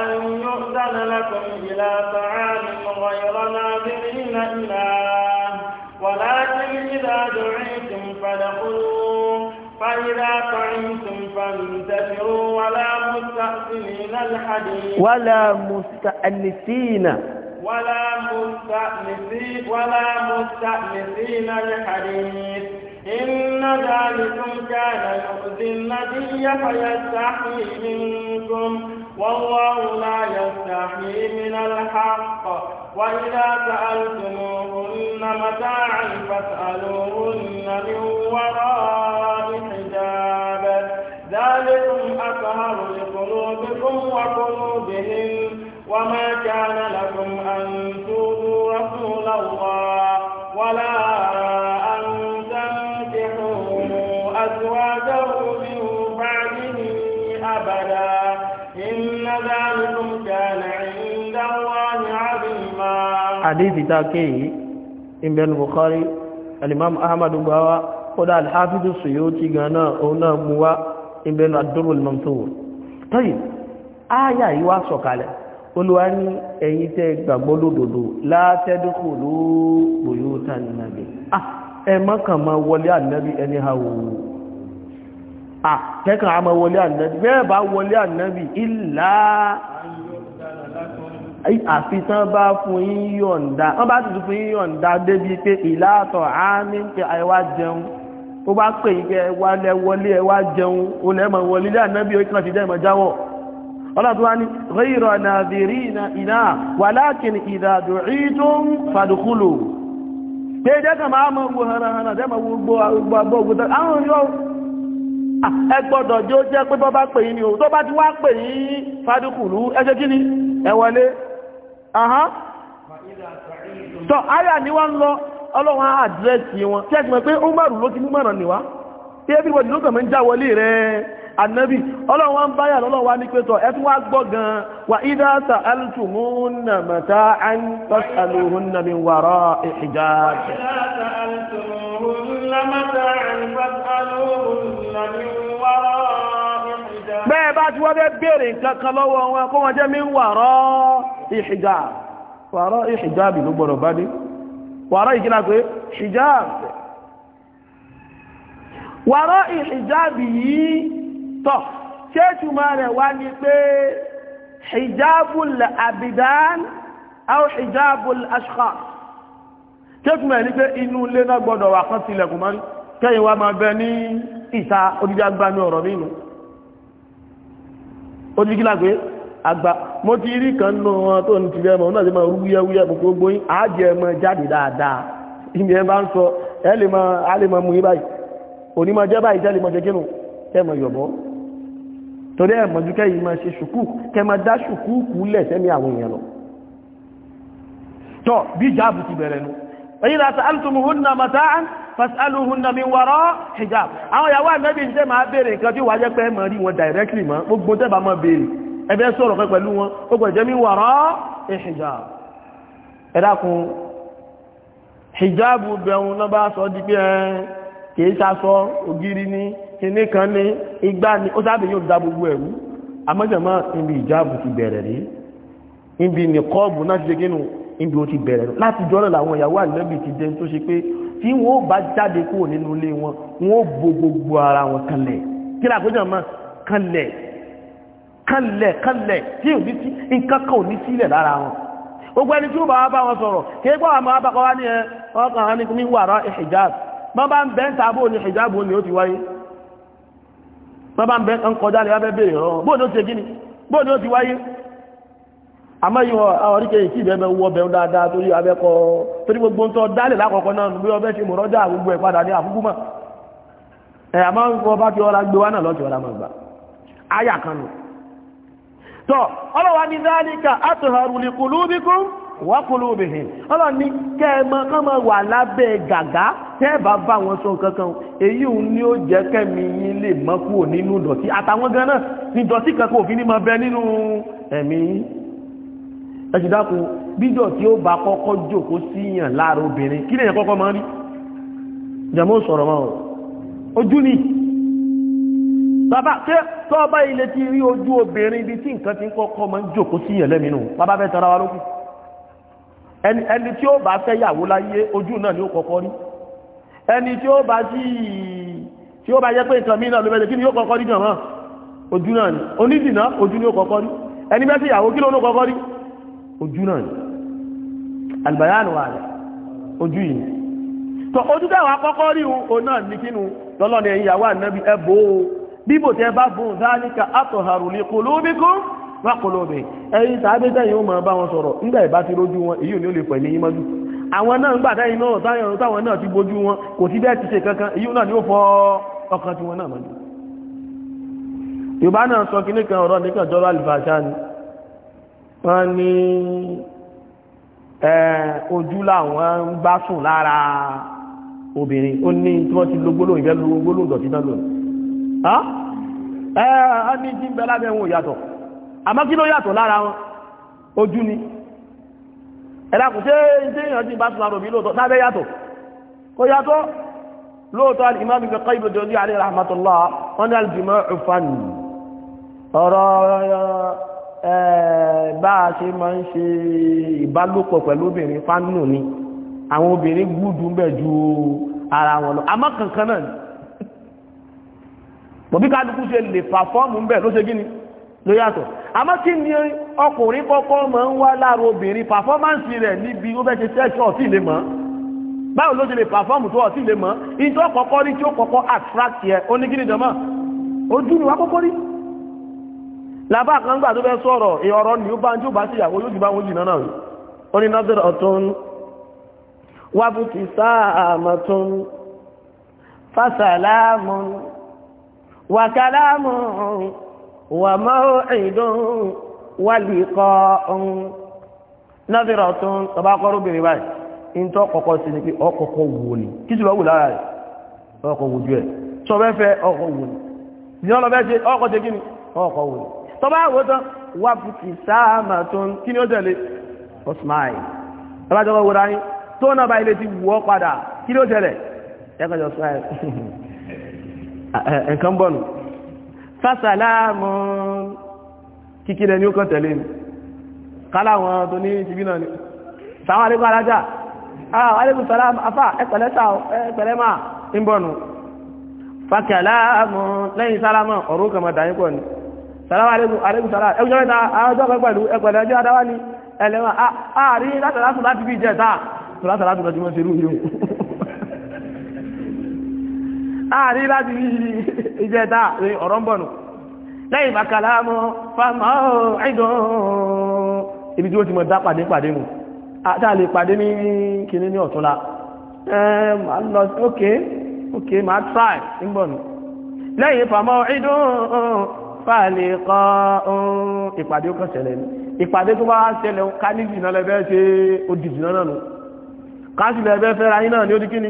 S2: أن يؤذن لكم إلى طعام غير ناظرين إله ولكن إذا دعيتم فادخلوا فإذا طعمتم فانتشروا ولا مستأنسين الحديث ولا
S1: مستأنسين
S2: ولا مستأنسين ولا مستأنسين لحديث إن ذلكم كان يؤذي النبي فيستحي منكم والله لا يستحي من الحق وإذا سألتموهن متاعا فاسألوهن من وراء حجاب ذلكم أطهر لقلوبكم وقلوبهن وَمَا كَانَ لَكُمْ أن تؤذوا رسول الله ولا أن تنكحوا أزواجه من بعده أبدا إن ذلكم كان عند الله عظيما حديث
S1: تاكي إن البخاري الإمام أحمد بن kódà alhafidu السيوطي gana òun náà ابن wá ìbẹ̀nu طيب آية tọ́yì ááyà olúwa ní ẹ̀yin tẹ́ gbàgbọ́ lódodo látẹ́dúkù ló bòyó ta nìyàgbé ẹ mọ́kàn máa wọlé ànábì ẹni hàwò àtẹ́kàn ah, á máa wọlé ànábì bẹ́ẹ̀ bá wọlé ànábì ìlà àfitán bá fún yín yọ̀ǹda wọ́n bá tuntun fún yín yọ̀ǹda débi pé ìlàtọ̀ á ní pé àìwá jẹun tó bá pè yín kẹ wálẹ̀ wọlé ẹwà jẹun olẹ́mọ̀ wọlé ànábì ó kàn ti dẹ́mọ̀ jáwọ́ ọlọ́dúnwání rírọ̀ nàbìrí iná wàlákin ìdàdùrítún fàdùkúlù pé jẹ́kà máa mọ̀ wo hànàhànà jẹ́mà wo gbogbo ogudan àwọn yóò ẹgbọ́dọ̀ jó jẹ́ pé bọ́ bá pè ti wá pè yí fàdùkúlù ẹjẹ́ kí ni ẹwọlé tọ́ ayà ni wọ́n lọ ọlọ́wọ́n ànábì ọlọ́run wá ń báyà lọ́lọ́run wá ní pẹ́tọ̀ ẹ tún wá gbọ́ gan wà ìdáta alùtùmúnà mẹ́ta àìpàtàlùhúnnà min wara'i hijab bẹ́ẹ̀ bá ti wọ́n bẹ́ bèèrè nǹkan kan lọ́wọ́ wọn kó wọ́n jẹ́ min wara'i hijab wara'i bá dé wara'i ìkílá pé hijab wara'i yìí tọ́ ṣéètùmọ̀ rẹ̀ wá ní pé hijabul abidan aw hijabul ashkhas ṣéètùmọ̀ rẹ̀ ní pé inú ilé náà gbọ́dọ̀ wà kán tilẹ̀kùn mọ́rí kẹ́yìn wá máa bẹ ní ìta odidi agbá ní ọ̀rọ̀ nínú odidi lágbé àgbà mo ti rí kan nù wọn tó ní tìrẹ mọ̀ náà ti máa wúyẹ́wúyẹ́ gbogbo yín àájẹ mọ jáde dáadáa ìmì bá ń sọ ẹ lè mọ mú yí báyìí òní mọ jẹ́ báyìí jẹ́ lè jẹ́ kínú ẹ mọ torí ẹ̀ mọ̀jú kẹ́ yìí máa ṣe ṣùkúùkù kẹ máa dá ṣùkúùkù lẹ̀ sẹ́mi àwọn èèyàn lọ tọ́ bí ìjáàbù ti bẹ̀rẹ̀ nu èyí láti alùtùmùhúnnà matáàn hijab àwọn ìyàwó àmẹ́bí jẹ́ máa béèrè nǹkan tí wàá jẹ́ pé mọ̀ rí wọn directly mọ́ gbogbo tẹ́ bá máa béèrè ẹbẹ́ sọ̀rọ̀ pẹ́ pẹ̀lú wọn ó gbọ́dọ̀ jẹ́ min hijab ẹ dákun hijab bẹ̀rùn náà bá sọ di pé ẹ kìí sasọ ògiri kìíní kan ní igbá ni ó sábẹ̀ yóò dá gbogbo ẹ̀rú àmọ́jọ̀mọ́ ibi ìjáàbù ti bẹ̀rẹ̀ rí ibi ní kọ́ọ̀bù náà ti ṣe gínú ibi ó ti bẹ̀rẹ̀ rí láti jọ́rọ̀ làwọn ìyàwó àlẹ́bì ti dé tó ṣe pé tí wọ́n bá jáde kúrò nínú ilé wọn wọ́n bo gbogbo ara wọn kanlẹ̀ kí làkójọ̀mọ́ kanlẹ̀ kanlẹ̀ kanlẹ̀ tí ò hijab bọ́n bá ń hijab ó ní tán bá ń bẹ́ ń kọjá lè wá fẹ́ bèèrè ọ̀rọ̀ bóò ní ó ti gíní bóò ní ó ti wáyé àmọ́ ìwọ̀ oríkèyìn tí ìbẹ̀mẹ̀ wọ bẹ̀rún dáadáa torí abẹ́kọ torí gbogbo ń tọ́ dálẹ̀ lákọ̀ọ́kọ́ náà bí ọbẹ̀ ṣe mọ̀rọ́jà gbogbo ẹ̀ ní àfúgúmọ̀ ẹ̀ wọ́kùnlù obìnrin ọlọ́ni kẹ́ẹ̀mọ́ kán mọ́ wà lábẹ́ gàgá tẹ́ẹ̀bà bá wọn sọ kankan èyí ò ní ó jẹ́ kẹ́mi yín lè mọ́ kúrò nínú dọ̀tí àtàwọn gan náà ní dọ̀tí kankan òfin ní mọ́ bẹ nínú ẹ̀mí ẹ̀sìn dákun bídọ̀ tí ó bá kọ́kọ́ jókòó síyàn lára obìnrin kí lèyàn kọ́kọ́ máa rí jẹ̀mọ́ sọ̀rọ̀ mọ́ ojú ni bàbá tẹ́ tọ́ bá ilé ti rí ojú obìnrin ibi tí nǹkan ti kọ́kọ́ máa ń síyàn lẹ́mìnú bàbá fẹ́ tara wa lókùn ẹni tí ó bá fẹ́ yàwó láyé ojú náà ni ó kọ́kọ́ rí ẹni tí ó bá sí tí ó bá yẹ pé nǹkan mìíràn ló bẹ̀rẹ̀ kí ni ó kọ́kọ́ rí ojú náà ni ojú ni ó kọ́kọ́ rí ẹni bẹ́ẹ̀ sí ìyàwó kí ló ló rí ojú náà ni wà rẹ̀ ojú yìí tọ ojú kọ́kọ́ rí o náà lọ́lọ́ni wákòlò ọ̀bẹ̀ ẹ̀yìn tàbítẹ́ yìí ó máa bá wọn sọ̀rọ̀ nígbà ìbá ti rójú wọn èyí ò ní ó lè pẹ̀lú yín mọ́jú àwọn náà ń gbà tẹ́yìn náà táyọ̀ táwọn náà ti bójú wọn kò ti bẹ́ẹ̀ ti ṣe kankan èyí náà ni ó fọ ọkàn tiwọn náà mọ́jú yorùbá náà sọ kíní kan ọ̀rọ̀ nìkan jọrọ àlìfàṣà ni wọ́n ní ojú làwọn ń bá sùn lára obìnrin ó ní tí wọ́n ti lo gbólóhùn ìfẹ́ lo gbólóhùn dọ̀tí náà lónìí àmọ́ kí ló yàtọ̀ lára wọn ojú ni ẹ̀dàkùn tí èèyàn ti bá sùn àròbí lóòótọ́ sábẹ́ yàtọ̀ kò yàtọ̀ lóòótọ́ al rahmatullah wọn ní al-jimā'u fann ọ̀rọ̀ bá a ṣe máa ń ṣe ìbálòpọ̀ pẹ̀lú obìnrin ni àwọn obìnrin gbúdùn bẹ̀ ju ara wọn lọ àmọ́ kankan náà bọ̀bí kálukú ṣe lè fà ń bẹ̀ ló ṣe gíní ló yàtọ̀ àmọ́ kí ni ọkùnrin kọ́kọ́ máa ń wá láàrọ̀ obìnrin pàfọ́mánsì rẹ̀ níbi ó bẹ́ ṣe tẹ́ṣì ọ̀tí lè mọ́ báwo ló ṣe lè pàfọ́mù tó ọ̀tí lè mọ́ ìjọ kọ́kọ́ rí tí ó kọ́kọ́ attract yẹ onígírí dọ́mọ́ ojú ni wá kọ́kọ́ rí làbá kan gbà ni ó bá ń jó bá sí ìyàwó وموعد ولقاء نظرة طبعا قروا برواي انت ọkọ̀kọ́ sí ni pé ọkọ̀kọ́ wò ní kí tí wọ́n wù lára rẹ̀ ọkọ̀ wò jù ẹ̀ tó bẹ́ fẹ́ ọkọ̀ wò ní ní ọlọ́bẹ́ ṣe ọkọ̀ ṣe kíni ọkọ̀ wò ní tó bá wò tán wà fìkì sáàmà tó ń kí ni ó tẹ̀lé osmai tọ́bájọ́ wò ráyín tó náà fásàlámù kíkí rẹ̀ ni ó kàn tẹ̀lé ní káláwọn tó ní ìṣìbí náà ni sàwọn àríkọ́ alájá àwọn àríkùn sàlámù afá ẹ̀pẹ̀lẹ́ta ẹ̀pẹ̀lẹ́mà ń bọ̀nù fákàlámù lẹ́yìn sálámù ọ̀rọ̀ kàmà dáyípọ̀ ni sàlámù àríkùn sàlámù ẹ̀kùn jọ́mẹ́ta àwọn ọjọ́ pẹ̀lú ẹ̀pẹ̀lẹ́ ọjọ́ adáwá ni ẹ̀lẹ́wọ̀n àárín látàlátù láti bí ìjẹta látàlátù lọ́jọ́ àrí láti ìjẹta ọ̀rọ̀ ń bọ̀nù lẹ́yìn bàkàlá mọ́ fàmà ẹ̀dùn ibi tí ó ti mọ̀ dá pàdé pàdé mù àtàlè pàdé ní kìíní ní ọ̀túnla try ìpàdé tó bá ṣẹlẹ̀ ká ní ìdìnnà lẹ́fẹ́ ṣe ó náà nù ká sì lẹ́fẹ́ fẹ́ra yín náà ní ó di kíni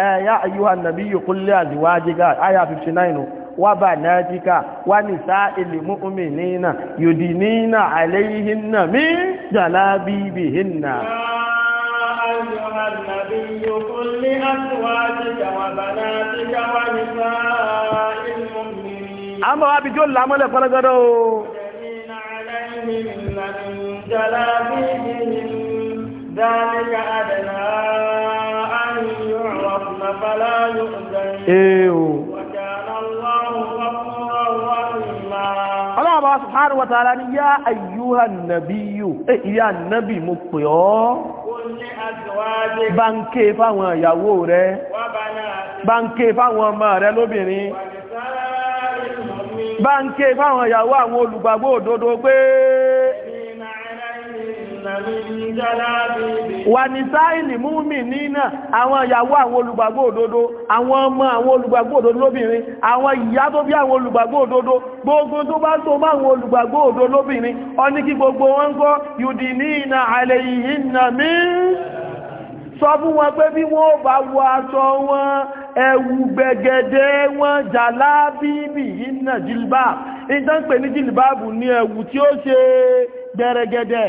S1: ya ayyuhan nabiyyu qul li azwajika aya 59 wa banatika wa nisa'il mu'minina yudinina 'alayhinna min jalabibihinna
S2: أيها النبي قل لأزواجك وبناتك ونساء المؤمنين أما
S1: أبي جل العمل قال قالوا
S2: الذين عليهم من جلابيبهم ذلك أدنى أن فلا يؤذن ايوه وكان الله غفورا رحيما الله بقى سبحانه pè ọ́ bá ń ké
S1: fáwọn ìyàwó rẹ̀ bá fáwọn ọmọ rẹ̀ lóbìnrin
S2: bá fáwọn
S1: ìyàwó àwọn olùgbàgbọ́ òdodo pé wà ní sáìlì múmi nínà àwọn ìyàwó àwọn olùgbàgbọ́ òdodo àwọn ọmọ àwọn olùgbàgbọ́ òdodo lóbìnrin àwọn ìyá tó bí àwọn olùgbàgbọ́ òdodo gbogbo tó bá tó bá àwọn olùgbàgbọ́ òdodo lóbìnrin ó ní kí gbogbo wọn kọ́ yùdì nínà àlẹ́ yìí nà mí sọ fún wọn pé bí wọ́n bá wọ aṣọ wọn ẹ̀wù gbẹ̀gẹ̀dẹ̀ wọn jàlá bíbì yìí nà ní ẹ̀wù tí ó ṣe gbẹ̀rẹ̀gẹ̀dẹ̀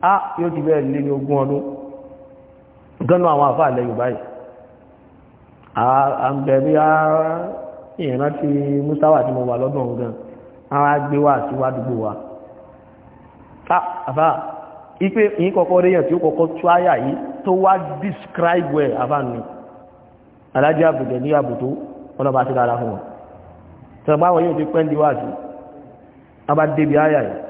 S1: á ah, yóò ti bẹ́ẹ̀ lé ní ogún ọdún gánà àwọn àfà ilẹ̀ yorùbá yìí àbẹ̀bí ìran ti mustawa tí mo wà lọ́dún ọ̀hún gan ara gbé wá sí wádùgbò wa ká àfà ipe yìí kọ́kọ́ ríyàn tí ó kọ́kọ́ tú àyà yìí tó wá describe ẹ̀ àfà ni alájẹ́ àbùjẹ̀ ní àbùtó ọlọ́ba ti dára fún wọn tẹ̀gbáwọn yóò ti pẹ́ndíwáàsì abá débi àyà yìí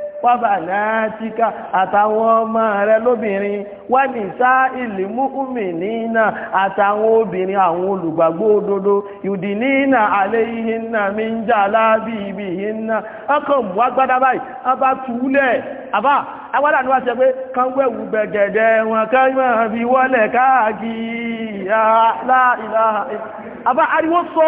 S1: wábà náàtíkà àtàwọn ọmọ rẹ lóbìnrin wá ní sá ìlímúkúmì nínà àtàwọn obìnrin àwọn olùgbàgbó òdodo yùdí nínà alẹ́ yìí nà mí ń jà lábí ibi yìí nà ọkàn mú agbádá báyìí túlẹ̀ ariwo sọ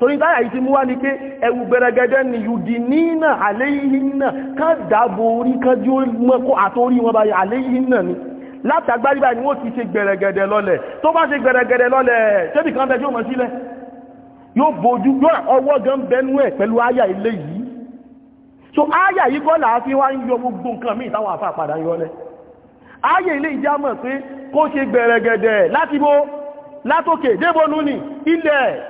S1: torí táyà yìí ti mú wá ní pé ẹwù gbẹrẹgẹdẹ ni yùdí nínà àléyìnà kán dáàbò orí kán jí ó mọ́kó àtórí wọn báyìí àléyìnà ni látàgbárí báyìí wọ́n ti ṣe gbẹrẹgẹdẹ lọ́lẹ̀ tó bá ṣe gbẹrẹgẹdẹ lọ́lẹ̀ tẹ́bì kan bẹ́ẹ̀ yóò mọ̀ sílẹ̀ yóò bójú yóò ọwọ́ gan bẹnu ẹ̀ pẹ̀lú áyà ilé yìí so áyà yìí kọ́ làá fi wá ń yọ gbogbo nǹkan míì táwọn àfà padà yọlẹ̀ áyà ilé ìjà mọ̀ pé kó ṣe gbẹrẹgẹdẹ láti bó látòkè débónú ni ilẹ̀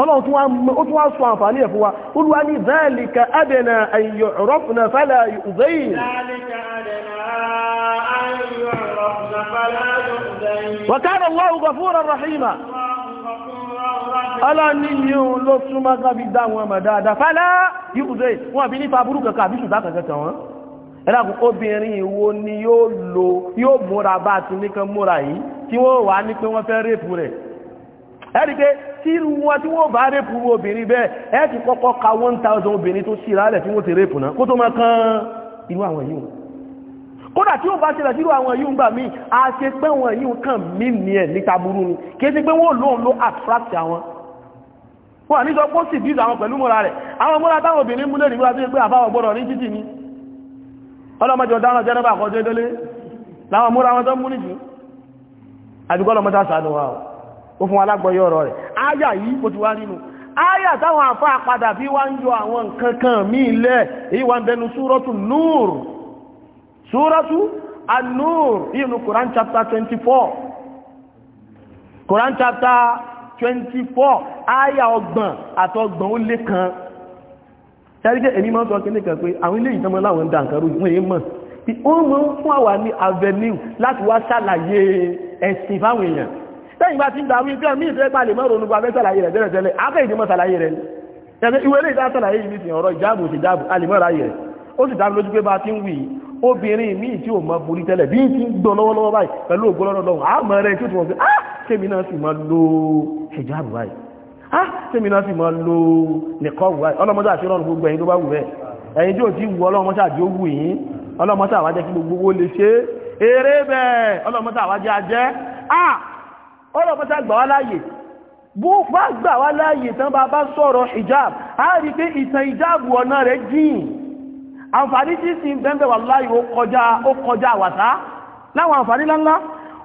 S1: ọlọ́run tún wá sọ àǹfààní ẹ̀ fún wa olúwa ní zalika adana an yu'rafna fala yu'zayn
S2: wa kana Allahu ghafuran rahima ọlọ́ni ni
S1: o ló súnmọ́ kábí dá wọn mọ̀ dáadáa fálá yíkùsẹ́ wọn àbí nípa burúkú kàkà àbí ṣùgbà kàkàkà wọn ẹ̀dàkùn yóò múra bá ti ní kan múra yìí tí wọ́n wà ní pé wọ́n fẹ́ rèpù rẹ̀ ẹ̀rí pé tí wọ́n tí wọ́n bá rẹ́pù obìnrin bẹ́ẹ̀ ẹ́ ti kọ́kọ́ ka 1000 obìnrin tó síra rẹ̀ tí wọ́n ti rẹ́pù náà kó tó máa kán irú àwọn yìí kódà tí ó bá ṣẹlẹ̀ sírú àwọn yìí ń gbà mí a ṣe pé wọn yìí kàn mí ní ẹ̀ níta burú ni kìí ṣe pé wọ́n lóun ló attract àwọn wọ́n ní sọ pé ó sì dìde àwọn pẹ̀lú múra rẹ̀ àwọn múra táwọn obìnrin múlẹ̀ nígbà tó yẹ pé àbáwọ̀ gbọ́dọ̀ ní títì ni ọlọ́mọdé ọ̀daràn jẹ́nàbà àkọ́jọ́ ìdọ́lé láwọn múra wọn tó mú nìjú àbíkọ́ ọlọ́mọdé àṣà àdúrà ó fún alágbọ̀yọ́ ọ̀rọ̀ rẹ̀ áyà yìí bó ti wá nínú áyà táwọn àfá àpadà bí wá ń yọ àwọn nǹkan kan èyí wá ń bẹnu súrọ́tù núr súrọ́tù anúr inú Quran chapter 24 Quran chapter 24 áyà ọgbọ̀n àtọgbọ̀n ó lé kan tẹ́ríkẹ́ èmi máa ń sọ kíní kan pé àwọn ilé ìtọ́mọ láwọn ń da nǹkan rú wọ́n èé ó mọ̀ fún àwa ní avenue láti wá ṣàlàyé ẹ̀sìn fáwọn èèyàn tẹ́yìn bá ti ń dàwí pé mí ìfẹ́ palè mọ́ ronú gbàgbé sàlàyé rẹ̀ tẹ́lẹ̀ tẹ́lẹ̀ afẹ́ ìdí mọ́ sàlàyé rẹ̀ ẹgbẹ́ ìwé lè dá sàlàyé yìí nìsìn ọ̀rọ̀ ìjáàbò ti dáàbò alìmọ́ra yẹ̀ ó sì dáàbò lójú pé bá ti ń wì obìnrin míì tí ò mọ borí tẹ́lẹ̀ bí ti ń gbọ́n lọ́wọ́lọ́wọ́ báyìí pẹ̀lú ògbólọ́lọ́wọ́ àmọ́ rẹ̀ tí ó ti wọ́n fi á tèmi náà sì máa lo ìjáàbò báyìí á ah, tèmi náà sì máa lo nìkọ́wù báyìí ọlọ́ pẹ́ta gbà wá láàyè bó bá gbà wá láàyè tán bá bá sọ̀rọ̀ hijab a rí pé ìtàn hijab ọ̀nà rẹ̀ jìn àǹfààní tí sì ń bẹ́ẹ̀ wà láàyè ó kọjá àwàsá láwọn àǹfààní láńlá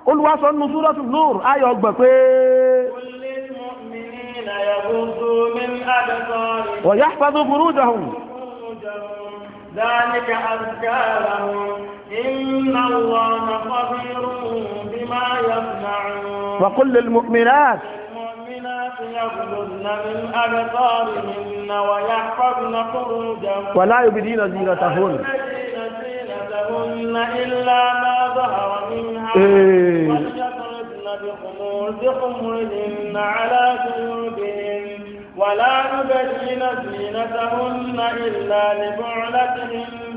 S1: olùwàsọ nínú súrọ́tù nur
S2: ذلك أذكارهم إن الله خبير بما يصنعون وقل للمؤمنات يغضن من أبصارهن ويحفظن ولا يبدين زينتهن زينتهن إلا ما ظهر منها إيه بخمور بخمورهن على جيوبهن ولا يبدين زينتهن إلا لبعلتهن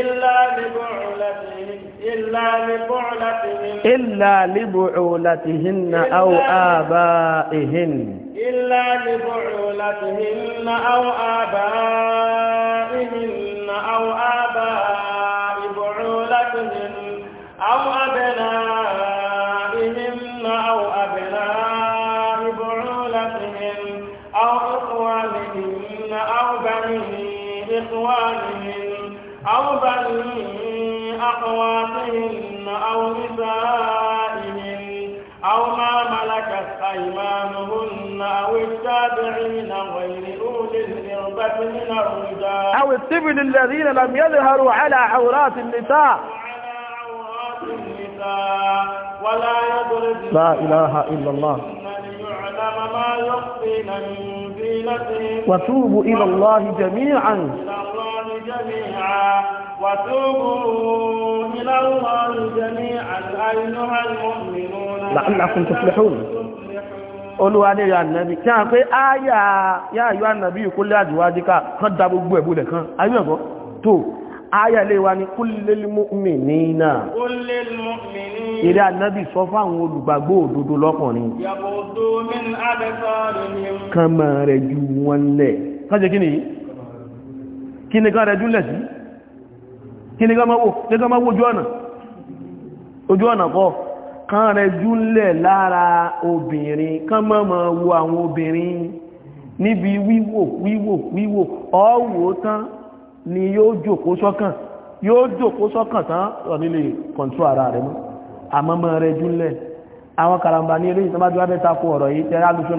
S2: إلا لبعلتهن إلا لبعلتهن إلا
S1: لبعولتهن أو آبائهن
S2: إلا لبعلتهن أو آبائهن أو آباء بعولتهن أو أبنائهن أو نسائهن أو ما ملكت أيمانهن أو التابعين غير أولي الإربة من الرجال أو الطفل
S1: الذين لم يظهروا على عورات النساء
S2: ولا يضربن لا إله إلا الله ليعلم ما يخفين من زينتهم وتوبوا إلى الله جميعا إلى الله جميعا وتوبوا إلى الله جميعا أيها المؤمنون لعلكم تفلحون
S1: olúwa ní ìyá ànàbí kí a ń pé áyà yá ìyá ànàbí kúlé àjúwájíká kan dá gbogbo ẹ̀bùlẹ̀ kan ayé ẹ̀kọ́ tó áyà lè wá ní kúlé mu'minina ìrẹ́ ànàbí sọ fáwọn olùgbàgbọ́ òdodo lọ́kùnrin kan mọ̀ rẹ̀ ju wọn lẹ̀ kí ni kan rẹ̀ júlẹ̀ sí kí ní gọ́mọ́wò ní gọ́mọ́wò ojú ọ̀nà ojú ọ̀nà kọ́ kan rẹ̀ júlẹ̀ lára obìnrin kan mọ́mọ́ wo àwọn obìnrin níbi wíwò wíwò wíwò ọ̀wò tán ni yóò jòkó sọ́kàn yóò jòkó sọ́kàn tán rọ̀ nílé kọ̀ntú ara rẹ̀ mọ́ àmọ́mọ́ rẹ̀ júlẹ̀ àwọn karambà ní eléyìn tọ́bá jùlọ mẹ́ta fún ọ̀rọ̀ yìí tẹ́rà lóṣù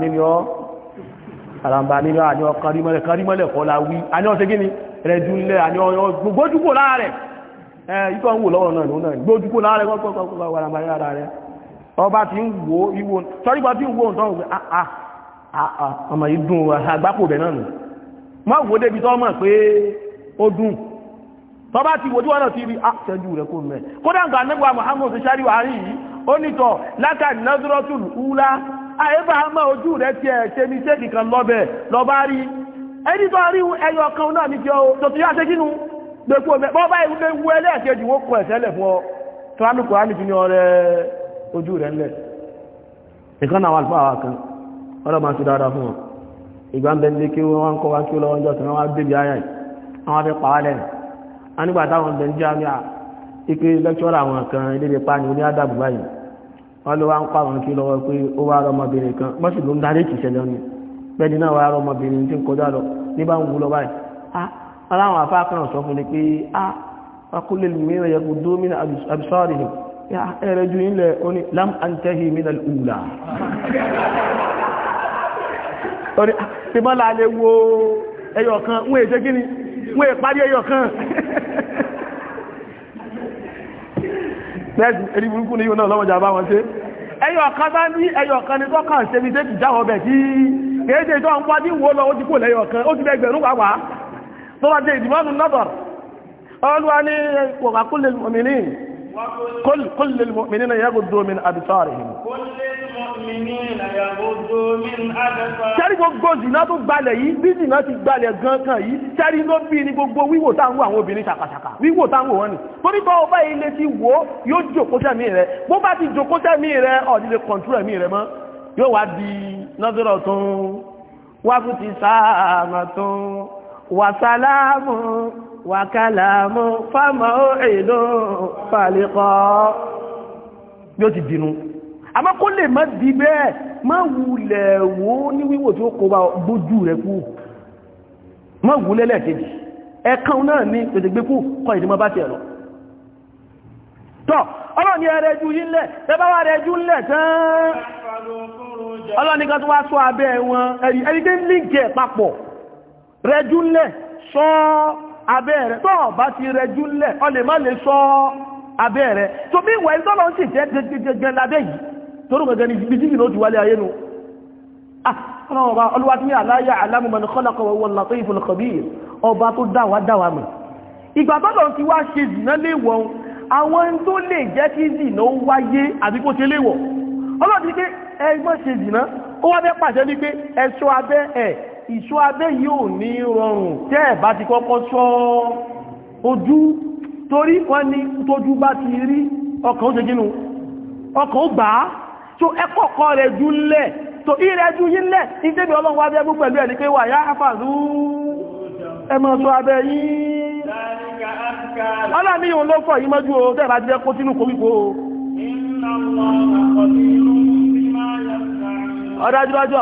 S1: ni ọ́ àràmbà nínú àníọ́ karímọ́lẹ̀ karímọ́lẹ̀ kọ́ la wí àníọ́ ṣe gíní rẹ̀dúnlẹ̀ àníọ́ gbójúkò láàrẹ̀ ikọ̀ ń wò lọ́wọ́ náà lónà gbójúkò láàrẹ̀ kọ́kọ́ àràmbà ní ara rẹ̀ ọba ti ń wo iwo sọ́rígbà tí ń wo nǹkan òfin ọmọ yìí dùn àgbápò bẹ̀ náà nù má wo débi tọ́ mọ̀ pé ó dùn tọba ti wojú ọ̀nà ti rí àṣẹjú ah, rẹ̀ kó mẹ́ kódà nǹkan anẹ́gbà Muhammad ṣe ṣáríwá rí yìí àyíbá àmọ́ ojú rẹ̀ ti ẹ̀ ṣe ní ṣéèkì kan lọ́bẹ̀ lọ́bá rí ẹni tó rí ẹyọ kan náà ní jẹ́ o tó ti yá ṣe kínú gbogbo mẹ́ bọ́ báyìí wúlé wú ẹlẹ́ẹ̀kejì wó kọ ẹ̀sẹ̀lẹ̀ fún ọ tọ́lánù kò ránì jùlọ rẹ ojú rẹ̀ ńlẹ̀ ìkan àwọn àlùfáà wa kan ọ̀rọ̀ máa ṣe dáadáa fún wọn ìgbà ń bẹ ní kí wọ́n kọ́ wá kí ó lọ́wọ́ jọ tí wọ́n débi ayá yìí àwọn afẹ́ pàá lẹ́nu a nígbà táwọn bẹ ń jẹ́ àmì ìpè lẹ́kṣọ́rọ̀ kan ilé wọ́n ló wá ń kọ́ àwọn kí lọ́wọ́ pé ó wá rọmọbìnrin kan mọ́sí ló ń darí kìí ṣẹlẹ̀ ọ̀nà bẹ́ẹ̀ni náà wá rọmọbìnrin tí ń kọjá lọ ní bá ń wú lọ báyìí ah aláwọn afá kan sọ fún ni pé ah akúlé mìíràn yẹ kó dúró mìíràn abisọ́ọ̀rì ni ẹ̀rẹ́ ju ilẹ̀ ó ní ah, wọ́n èṣe kí wọ́n èparí ẹyọ tẹ́ẹ̀sì erí burúkú ní yóò náà lọ́wọ́jà bá wọn ṣe ẹyọ kan bá ní ẹyọ kan ní tọ́kàn ṣe mi tẹ́ẹ̀kì jáwọ́ bẹ̀ tí kéèdè tó ń pàdí wo lọ ó ti kò lẹ́yọ kan ó ti lẹ́gbẹ̀rún pàápàá tó sẹ́rí gbogbo zìnà tó gbalẹ̀ yìí bí zìnà ti gbalẹ̀ gankan yìí sẹ́rí ló bí ní gbogbo wíwò táwọn àwọn obìnrin ṣàkàṣàkà wíwò táwọn wọn ni torí bá ọba ilé ti wò ó yóò jòkó sẹ́mi rẹ bó bá ti jòkó sẹ́mi rẹ ọ̀dílé kọ̀ǹtúrù ẹ̀mí rẹ mọ́ yóò wá di nọ́dọ̀rọ̀ tó ń wá fún ti sáàmà tó ń wà sálámù wà kálámù fámà ó èlò fàlẹ́kọ́ yóò ti dìnnú àmọ́ kó lè má di bẹ́ẹ̀ má wulẹ̀ wò ó ní wíwò tí ó kó bá bójú rẹ̀ kú má wulẹ̀ lẹ́ẹ̀kejì ẹ̀kan náà ní tètè kú kọ ìdí mọ́ bá tiẹ̀ lọ tọ́ tó wá ti rẹjú ńlẹ̀ ọ lè má lè sọ abẹ́ rẹ̀ tó bí ìwà ìtọ́lọ́ sì jẹ́ gẹ́gẹ́gẹ́ lábẹ́ yìí tóró gẹ́gẹ́ ní ibi síbi ló ti wálé ayé nu ah, ọlọ́wà tí ní aláyà alámùmọ̀ni khalaqa wa huwa al-latiful khabir ọba tó dáwà dáwà mọ̀ ìgbà tọ́lọ̀ ti wá ṣe zìnà léwọ̀ àwọn tó lè jẹ́ kí zìnà ó wáyé àbí kó ṣe léwọ̀ ọlọ́dún pé ẹgbọ́n ṣe zìnà ó wá fẹ́ pàṣẹ wípé ẹ̀ṣọ́ abẹ́ ẹ̀ ìṣọ́ abẹ́ yóò ní rọrùn tẹ́ ẹ̀ bá ti kọ́kọ́ ṣọ́ ojú torí wọ́n ní tójú bá ti rí ọkàn ó ṣe gínú ọkàn ó gbàá tó ẹkọ̀ọ̀kọ́ rẹ̀ jù lẹ̀ tó ìrẹ́ jù yí lẹ̀ ìdébì ọlọ́run wá bẹ́ẹ̀ mú pẹ̀lú ẹni pé wà yá àfàzú ẹmọ́ sọ abẹ́ yìí ọlọ́mí ló mọ́jú o tẹ́ẹ̀ bá ti jẹ́ kó sínú koríko ọdájúdájú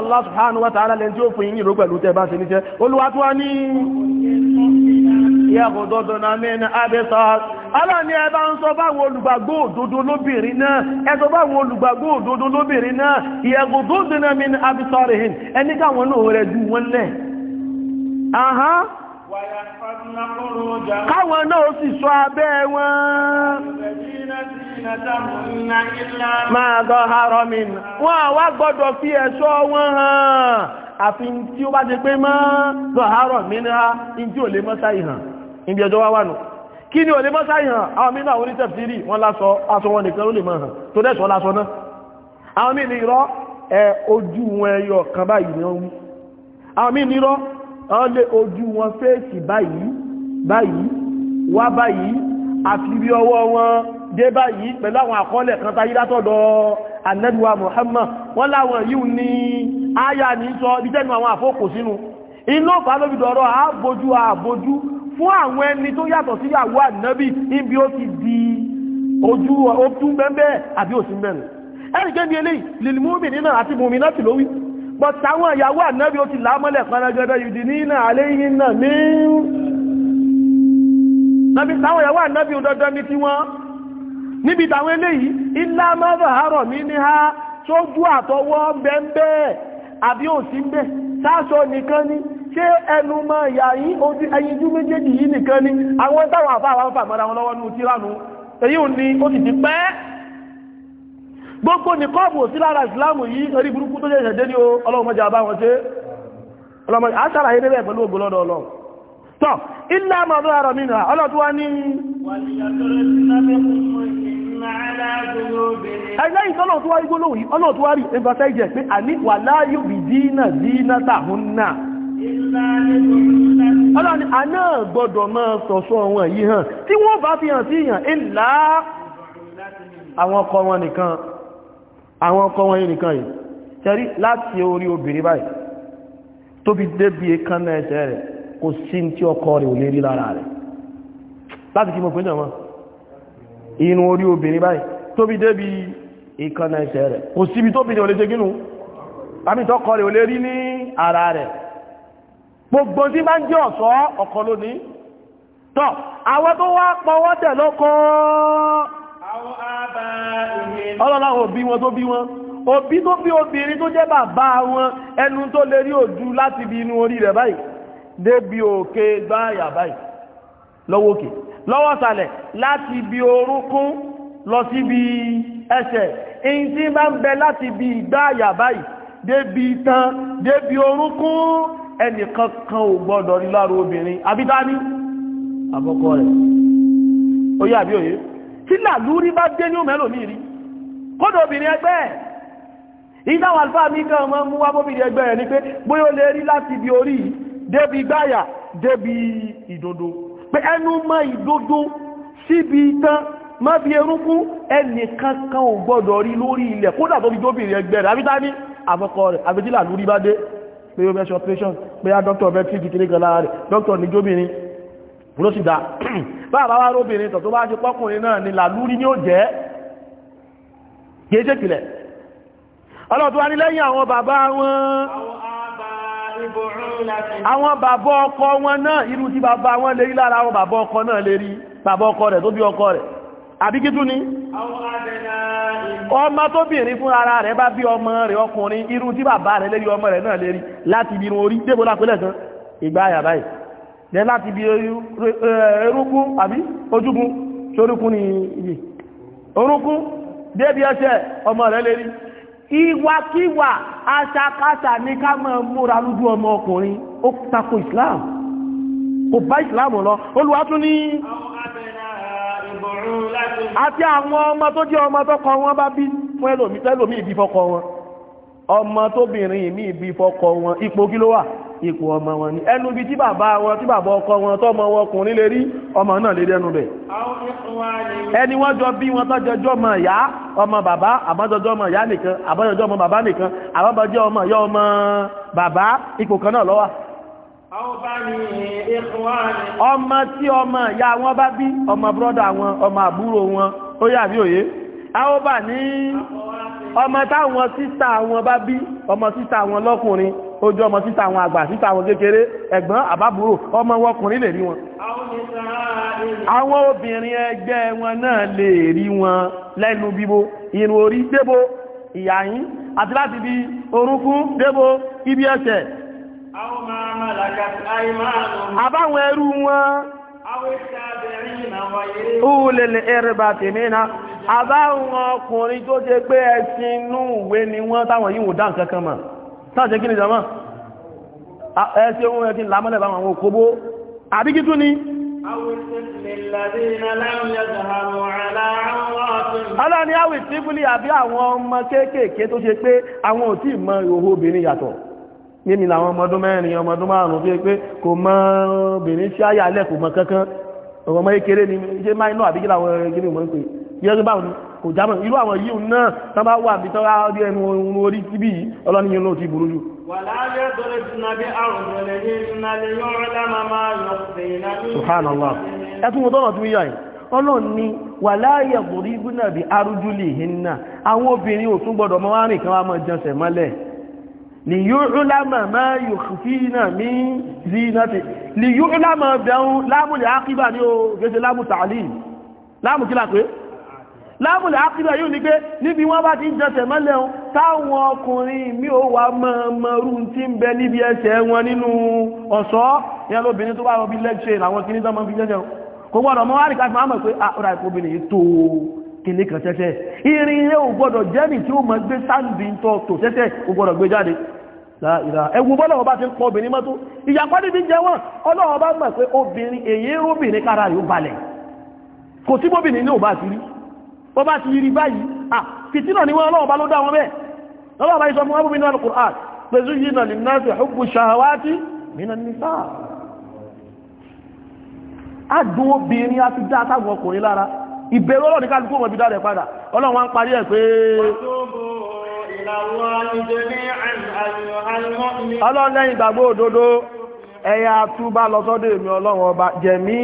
S1: yaghdudna min absar aláàní ẹbá ń sọ báwọn olùgbàgbọ́ òdodo lóbìnrin náà ẹsọ báwọn olùgbàgbọ́ òdodo lóbìnrin náà yaghdudna min absarihin ẹni káwọn rẹ̀ ju wọn
S2: káwọn náà ó sì wọ́n àwá gbọ́dọ̀ tí
S1: ó bá jẹ pé máa gọ́ haromin ha in tí ò lè mọ́ sáì hàn níbi ọjọ́ wá wà nù kí ni òlé mọ́sá ìhàn àwọn mínú àwọn onítẹ̀fìsírì wọ́n lásọ aṣọ wọn nìkan ló lè máa hàn tó dẹ́sọ lásọ náà àwọn mínú irọ́ ẹ ojú wọn ẹyọ kan báyìí ni wọ́n wí àwọn mínú irọ́ wọ́n lé ojú wọn fèsì báyìí báyìí wá báyìí àfi bí ọwọ́ wọn dé báyìí pẹ̀lú àwọn àkọọ́lẹ̀ kan táyé látọ̀dọ̀ anẹ́dùwà Muhammad wọ́n láwọn yìí ní áyà ní sọ bí àwọn àfókò sínú inú ọ̀pá lóbi dọ̀rọ̀ àbójú àbójú fún àwọn ẹni tó yàtọ̀ sí ìyàwó ànábì níbi ó ti di ojú ọdún bẹ́ẹ̀ àbí òsì mẹ́rin ẹnì kébi eléyìí lìlmúmi nínà àti mùmí náà ti lówí but táwọn ìyàwó ànábì ó ti lámọ́lẹ̀ panagẹ́dẹ́ yìí ní iná àléyìn náà ní sasọ nìkan ni ṣé ẹnu mọ́ ìyà yìí ojú ẹyíjú méjèèjì yìí nìkan ni àwọn táwọn àfáà wọn fà mọ́ra wọn lọ́wọ́ nù tíranù èyí ò ní ó sì ti pẹ́ gbogbo nìkọ́ọ̀bù sí lára ìsìláàmù yìí orí burúkú tó jẹ́ ìṣẹ̀dé ẹgbẹ́ ìtọ́lọ̀ tó wárí gbólóhùn yìí ọlọ́ tó wárí ẹgbẹ́ ìjẹ̀ pé àní wà láyò bí dínà dínà tàhún náà ọlọ́ni àná gbọ́dọ̀ máa sọ̀sọ́ wọn yìí hàn tí wọ́n bá fi hàn sí ìyàn ìlà àwọn ọkọ wọn nìkan àwọn ọkọ wọn yìí nìkan yìí tẹ́rí láti orí obìnrin báyìí tó fi débi kánná ẹsẹ̀ rẹ̀ kò sí tí ọkọ rẹ̀ ò lè rí lára rẹ̀ láti kí mo pè náà wọn inú orí obìnrin báyìí tóbi débi ìkànnà ẹsẹ̀ rẹ̀ kò síbi tóbi ní olóṣe gínú àmì tọ́kọ rẹ̀ ò lè rí ní ara rẹ̀ gbogbo tí bá ń jẹ́ ọ̀ṣọ́ ọkọ lónìí tọ́ àwọn tó wá pọwọ́ tẹ̀ lọ́kọ́ ọlọ́láwọ̀ òbí wọn tó bí wọn òbí tó bí obìnrin tó jẹ́ bàbá wọn ẹnu tó lè rí lọ́wọ́ òkè lọ́wọ́ sàlẹ̀ láti ibi orúnkún lọ síbi ẹsẹ̀ èyí tí bá ń bẹ láti ibi ìgbá àyà báyìí débi itan débi orúnkún ẹnìkan kan ò gbọ́dọ̀ rí lára obìnrin abítání àbọ́kọ rẹ̀ ó yà bí òye tí làlúrí bá dé ní òmẹ́lò ní kódò obìnrin ẹgbẹ́ ẹ̀ ìdáwọn alfáà mi kan mọ́ mú wá bóbìnrin ẹgbẹ́ ẹ̀ ni pé bóyá ó lè rí láti ibi orí débi gbáyà débi ìdodo pé ẹnu mọ́ ìdodo síbi tán má bí erúkú ẹnìkan kan ò gbọ́dọ̀ rí lórí ilẹ̀ kódà tó fi jóbìnrin ẹgbẹ́ rẹ̀ àbítá ní àfọkọ rẹ̀ àfẹ́jílà lórí bá dé pé ó mẹ́ṣọ́ operation pé á dókítà ọ̀bẹ́ tíjì kiri kan lára rẹ̀ dókítà ní jóbìnrin ló sì dá bá àbá wá róbìnrin tọ̀ tó bá ṣe pọ́kùnrin àwọn bàbá ọkọ wọn náà irú tí bàbá wọn lè rí lára àwọn bàbá ọkọ náà lè rí bàbá ọkọ rẹ̀ tó bí ọkọ rẹ̀ àbí kí tún ni ọmọ tó bìnrin fún ara rẹ̀ bá bí ọmọ rẹ̀ ọkùnrin irú tí bàbá rẹ̀ lè rí ọmọ rẹ̀ náà lè rí láti ibi irun orí débò lápẹ́lẹ̀ tán ìgbà ìwàkíwà aṣàkáṣà ní ká máa múra lójú ọmọ ọkùnrin ó tako islam kò bá islam lọ olùwà tún ní àti àwọn ọmọ tó jẹ́ ọmọ tó kọ wọn bá bí fún ẹlòmí tẹ́lòmí ìbí fọ́kọ wọn ọmọ tóbìnrin ìmí ìbí fọ́kọ wọn ipò kí ló wà ipò ọmọ wọn ni ẹnu bí tí bàbá wọn tí bàbá ọkọ wọn tọ́mọ wọn ọkùnrin lè rí ọmọ náà lè dẹnu bẹ̀ ẹni wọ́n jọ bí wọn tọ́jọjọ́ ọmọ ìyá ọmọ bàbá àbájọjọ́ ọmọ ìyá nìkan àbájọjọ́ ọmọ bàbá nìkan àbájọjọ́ ọmọ ìyá ọmọ bàbá ipò kan náà ló wà ọmọ tí ọmọ ìyá wọn bá bí ọmọ brọ́dà wọn ọmọ àbúrò wọn ó yà bí òye ọmọ táwọn sísà wọn bá bí ọmọ sísà wọn lọ́kùnrin ojú ọmọ síta àwọn àgbà síta àwọn kékeré ẹ̀gbọ́n àbábúrò ọmọ wọkùnrin lè rí wọn àwọn obìnrin ẹgbẹ́ wọn náà lè rí wọn lẹ́nu bíbo irun orí débò ìyàyín àti láti bí orúnkún débò ibi ẹsẹ̀ àbáwọn ẹrú wọn Òlèlè ẹ̀rẹ̀bà tèmínà, àbáwọn ọkùnrin tó jẹ pé ẹ̀sìn inú ìwé ni wọ́n táwọn yíwò dá mọ̀ sáàjẹ́ kí ni jama ẹ̀ẹ́sí ohun ẹ̀kí lámọ́lẹ̀ bá wọn kóbó àbíkí tún ni Allah ni àwẹ̀ tí fúlì àbí àwọn ọmọ kéékèèké tó ṣe pé àwọn ò tí mọ ìhòhò obìnrin yàtọ̀ nínú àwọn ọmọ ọdún mẹ́rin ọmọ márùn-ún fi pé kò mọ obìnrin sí àyà alẹ́ kankan ọmọ ekere ni ṣe máa iná àbíkí làwọn ẹgbẹ́ ìmọ̀ ń pè báwọn kò jámọ̀ irú àwọn yíò náà tán bá wà bí tọ́rá rí ẹnu orun orí tíbí ọlọ́ni yóò ti burú jù Subhanallah ẹtún mo tọ́nà tún yà yìí ọlọ́run ni wà bí arújúlì ni yóò máa yóò fi náà ní zínàtì ni yóò bẹ̀rún lámùlẹ̀ ákíbà ní o gẹ́gẹ́ lámù tààlì lámù kí lápẹ́ láàmùlì àkídà yóò ní pé níbi wọ́n bá ti ń jẹsẹ̀ mọ́lẹ̀ ohun táwọn ọkùnrin mi ò wà mọ́ọ̀mọ́rú tí ń bẹ níbi ẹsẹ̀ wọn nínú ọ̀ṣọ́ yẹn lóbìnrin tó bá rọ bí lẹ́kṣẹ̀ àwọn kìíní tó mọ́ fi jẹ́jẹ́ kò gbọ́dọ̀ mọ́ wárí káfí máa mọ̀ pé àkúrà ah, ìkóbìnrin yìí tó kìíní kan tẹ́tẹ́ irin ilé ò gbọ́dọ̀ jẹ́rì tí ó mọ̀ gbé sáàdì tó tó tẹ́tẹ́ ò gbọ́dọ̀ gbé jáde ẹ̀wù bọ́lọ̀ ọba ti ń pọ̀ obìnrin mọ́tò ìyàpọ̀ níbi jẹ́ wọ́n ọlọ́wọ́ mọ̀ pé obìnrin èyí róbìnrin kára yóò balẹ̀ kò sí bóbìnrin ní ò bá ti rí bọ́ bá ti rí báyìí à fìtínà ni wọ́n ọlọ́ọ̀bá ló dá wọn bẹ́ẹ̀ lọ́wọ́ bá ìsọ fún abúmínú al-Qur'an pé zuyyina lin-nasi hubbu shahawati minan nisa adùn obìnrin àti dá sáwọn ọkùnrin lára ìbẹ̀rù ọlọ́run ní kálukú wọn bí dáadẹ̀ padà ọlọ́run ẹ̀yà túbá lọ́sọ́dọ̀ èmi ọlọ́run ọba jẹ̀mí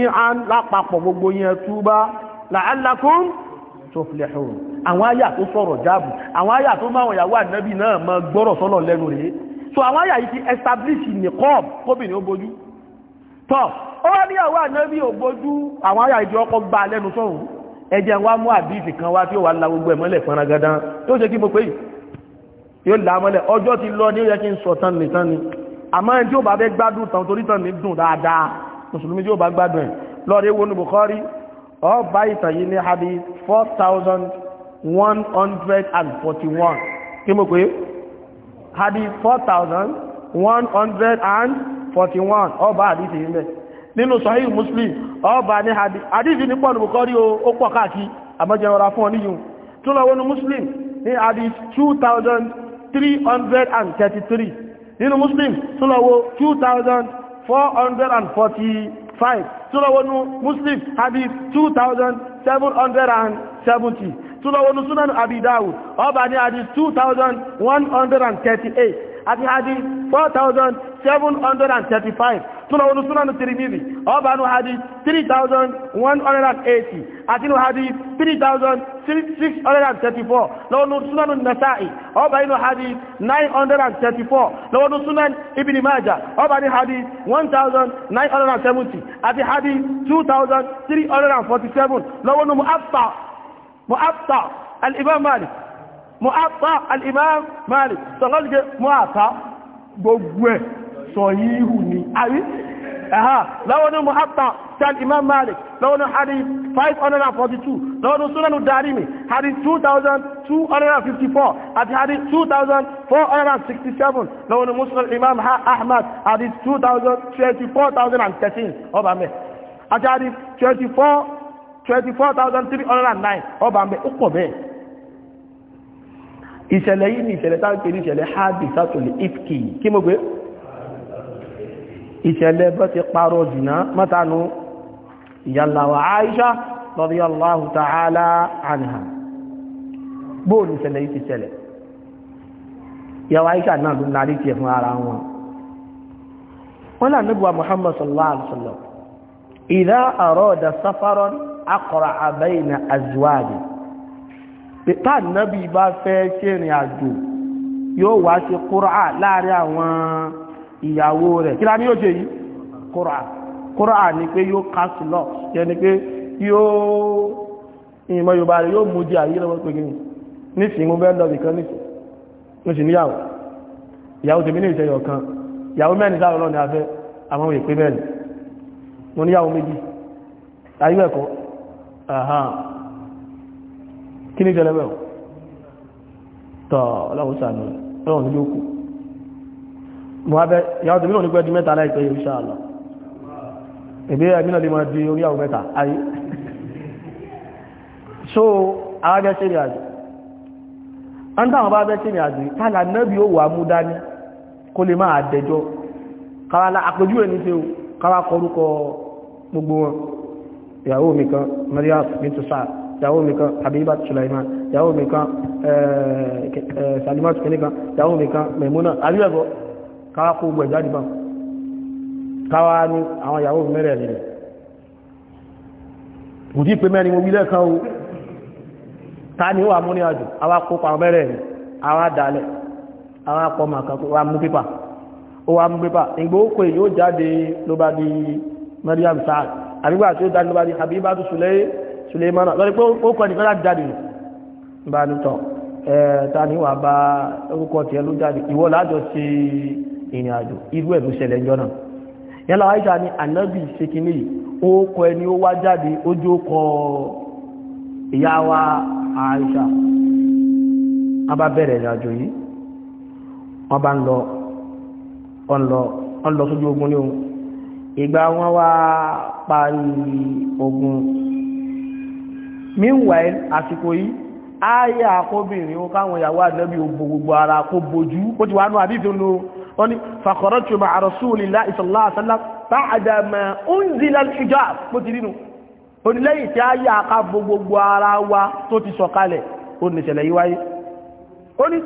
S1: lápapọ̀ gbogbo yẹn túbá la'allakum tuflihun àwọn àyà tó sọ̀rọ̀ jáàbù àwọn àyà tó máwọn ìyàwó ànábì náà mọ gbọ́rọ̀ sọ́lọ̀ lẹ́nu rèé so àwọn àyà yìí ti establish niqab kóbìnrin ó bójú tọ́ ó wá ní àwọn ànábì ò bójú àwọn àyà ìjọ ọkọ̀ gba lẹ́nu sọ́hùn ẹjẹ wa mú àdìsí kan wá tí ó wà la gbogbo ẹ̀ mọ́lẹ̀ panagada yóò ṣe kí mo pé yóò là á mọ́lẹ̀ ọjọ́ ti lọ ní ó yẹ kí n sọ tán ní tán ni àmọ́ ẹni tí ó bá fẹ́ gbádùn tán torí tán ní dùn dáadáa mùsùlùmí tí ó bá gbádùn ẹ̀ lọ́ọ̀rẹ́ wo ní Bukhari ọ bá ìtàn yìí ní hadith four thousand one hundred and forty-one kí mo pé hadith four thousand one hundred and forty-one ọ bá hadith yìí mẹ́ nínú sahih muslim ọ bá ní hadith hadith yìí ní pọ̀ nìbùkọ́ rí o pọ̀ káàkiri àmọ́jẹ́ ọ̀rá fún ọ níyùn tó lọ wọnú muslim ní hadith two thousand three hundred and thirty-three nínú muslim tó lọ wọ two thousand four hundred and forty. 5 tún lọ wọnú muslim hadith 2770 tún lọ wọnú sunan abi dawud ó bá ní hadith 2138 àti hadith 4735 tuna wani sunan tirmidhi ọba nu hadith 3180 àti nu hadith 3634 lọ́wọ́ nu sunan nasa'i ọba inu hadith 934 lọ́wọ́ nu sunan ibn majah ọba ni hadith 1970 àti hadith 2347 lọ́wọ́ nu mu'atta mu'atta al-imam malik mu'atta al-imam malik sọ̀rọ̀ gbogbo ẹ̀ sọ̀yíhù ni àrí ẹ̀hà lọ́wọ́nú muhatta tal imam malik lọ́wọ́nú hadith 542 lọ́wọ́nú sunanu darimi hadith 2254 àti hadith 2467 lọ́wọ́nú muslim imam ahmad hadith 24013 ọba mẹ́ àti hadith 24309 ọba mẹ́ ó pọ̀ bẹ́ẹ̀ ìṣẹ̀lẹ̀ yìí ni ìṣẹ̀lẹ̀ táwọn pè ní ìṣẹ̀lẹ̀ hadith sátòlì ifki kí mo gbé ìṣẹ̀lẹ̀ bọ́ ti parọ́ jùná mọ́tánú ìyàláwà Aisha radiyallahu ta'ala anha bóòlù ìṣẹ̀lẹ̀ yìí ti ṣẹlẹ̀ ìyàwó Aisha náà ló narí tiẹ̀ fún ara wọn wọ́n là nígbà Muhammad sallallahu alaihi wasallam idha arada safaran aqra'a bayna azwaji ìyàwó rẹ̀ kí la ní yóò ṣe yìí kóra kóra ni pé yóò cast lot yẹ ni pé yóò ìmọ̀ yorùbá rẹ̀ yóò mú di àyè lọ́wọ́ pé gíní nísìnyí mo bẹ́ẹ̀ lọ nìkan nísìnyí mo sì níyàwó ìyàwó tèmi ní ìṣẹ́yọ̀ kan ìyàwó mẹ́rin sáré lọ́nà afẹ́ àwọn òye pé mẹ́rin mo níyàwó méjì ayé ẹ̀kọ́ kí ní ìṣẹ́lẹ̀ mẹ́rin tọ́ ọlọ́run sànù ọlọ́run ní mọ́abẹ́ ìyàwó tèmi náà ní pẹ́ẹ́dì mẹ́ta láìpẹ́ yìí ṣáàlọ́ ìbí ẹ̀mí náà lè máa di orí àwọn mẹ́ta ayé so arábẹ́ ṣe ní àjò ń dáwọn bá bẹ́ ṣe ní àjò tààlà nẹ́bí ó wà mú dání kó lè máa dẹjọ́ kàwàlà àpójú ẹni tí ó kàwà kọrúkọ gbogbo wọn ìyàwó mi kan Maryam bintu Sa'd ìyàwó mi kan Habibat Sulaiman ìyàwó mi kan eh, eh, káwá kó gbẹ̀ jáde bá káwá ní àwọn ìyàwó mẹ́rẹ̀ rẹ̀ kò tí pé mẹ́rin omi lẹ́kan o ta ni ó wà mú ní àjò àwa kó mẹ́rẹ̀ rẹ̀ àwa dalẹ̀ àwa pọ̀ màkà wa mú pépà ó wa mú pépà ìgbó kò èyí ó jáde ló bá di Maryam Saad àbígbà tí ó jáde ló bá di Habibatu Suleimana lọ́rí pé ó kọ́ nìkan láti jáde bá nítọ̀ ẹ̀ẹ́ta ni wà bá orúkọ tiẹ̀ ló jáde ìwọ lájọ sí i ìrìn àjò irú ẹ̀ ló ṣẹlẹ̀ ìjọ náà yẹ́lá àìṣà ni ànábì ṣe kí ní ó kọ ẹni ó wá jáde ó jó kọ ìyá wa àìṣà wọ́n bá bẹ̀rẹ̀ ìrìn àjò yìí wọ́n bá ń lọ ọ̀nlọ sójú ogun ní ohun ìgbà wọn wá parí ogun meanwhile àsìkò yìí ayé àkóbìnrin ó káwọn ìyàwó ànábì ó bo gbogbo ara kó bojú ó ti wá nú àbí ìfẹ́ wọ́n ni fàkọ̀rọ̀tù ma rasulillahi sallallahu alaihi wasallam ba'da ma unzila al-hijab bó ti nínú onílẹ́yìn tí a yà ká gbogbo ara wa tó ti sọ̀kalẹ̀ ó ní ìṣẹ̀lẹ̀ yìí wáyé ó ní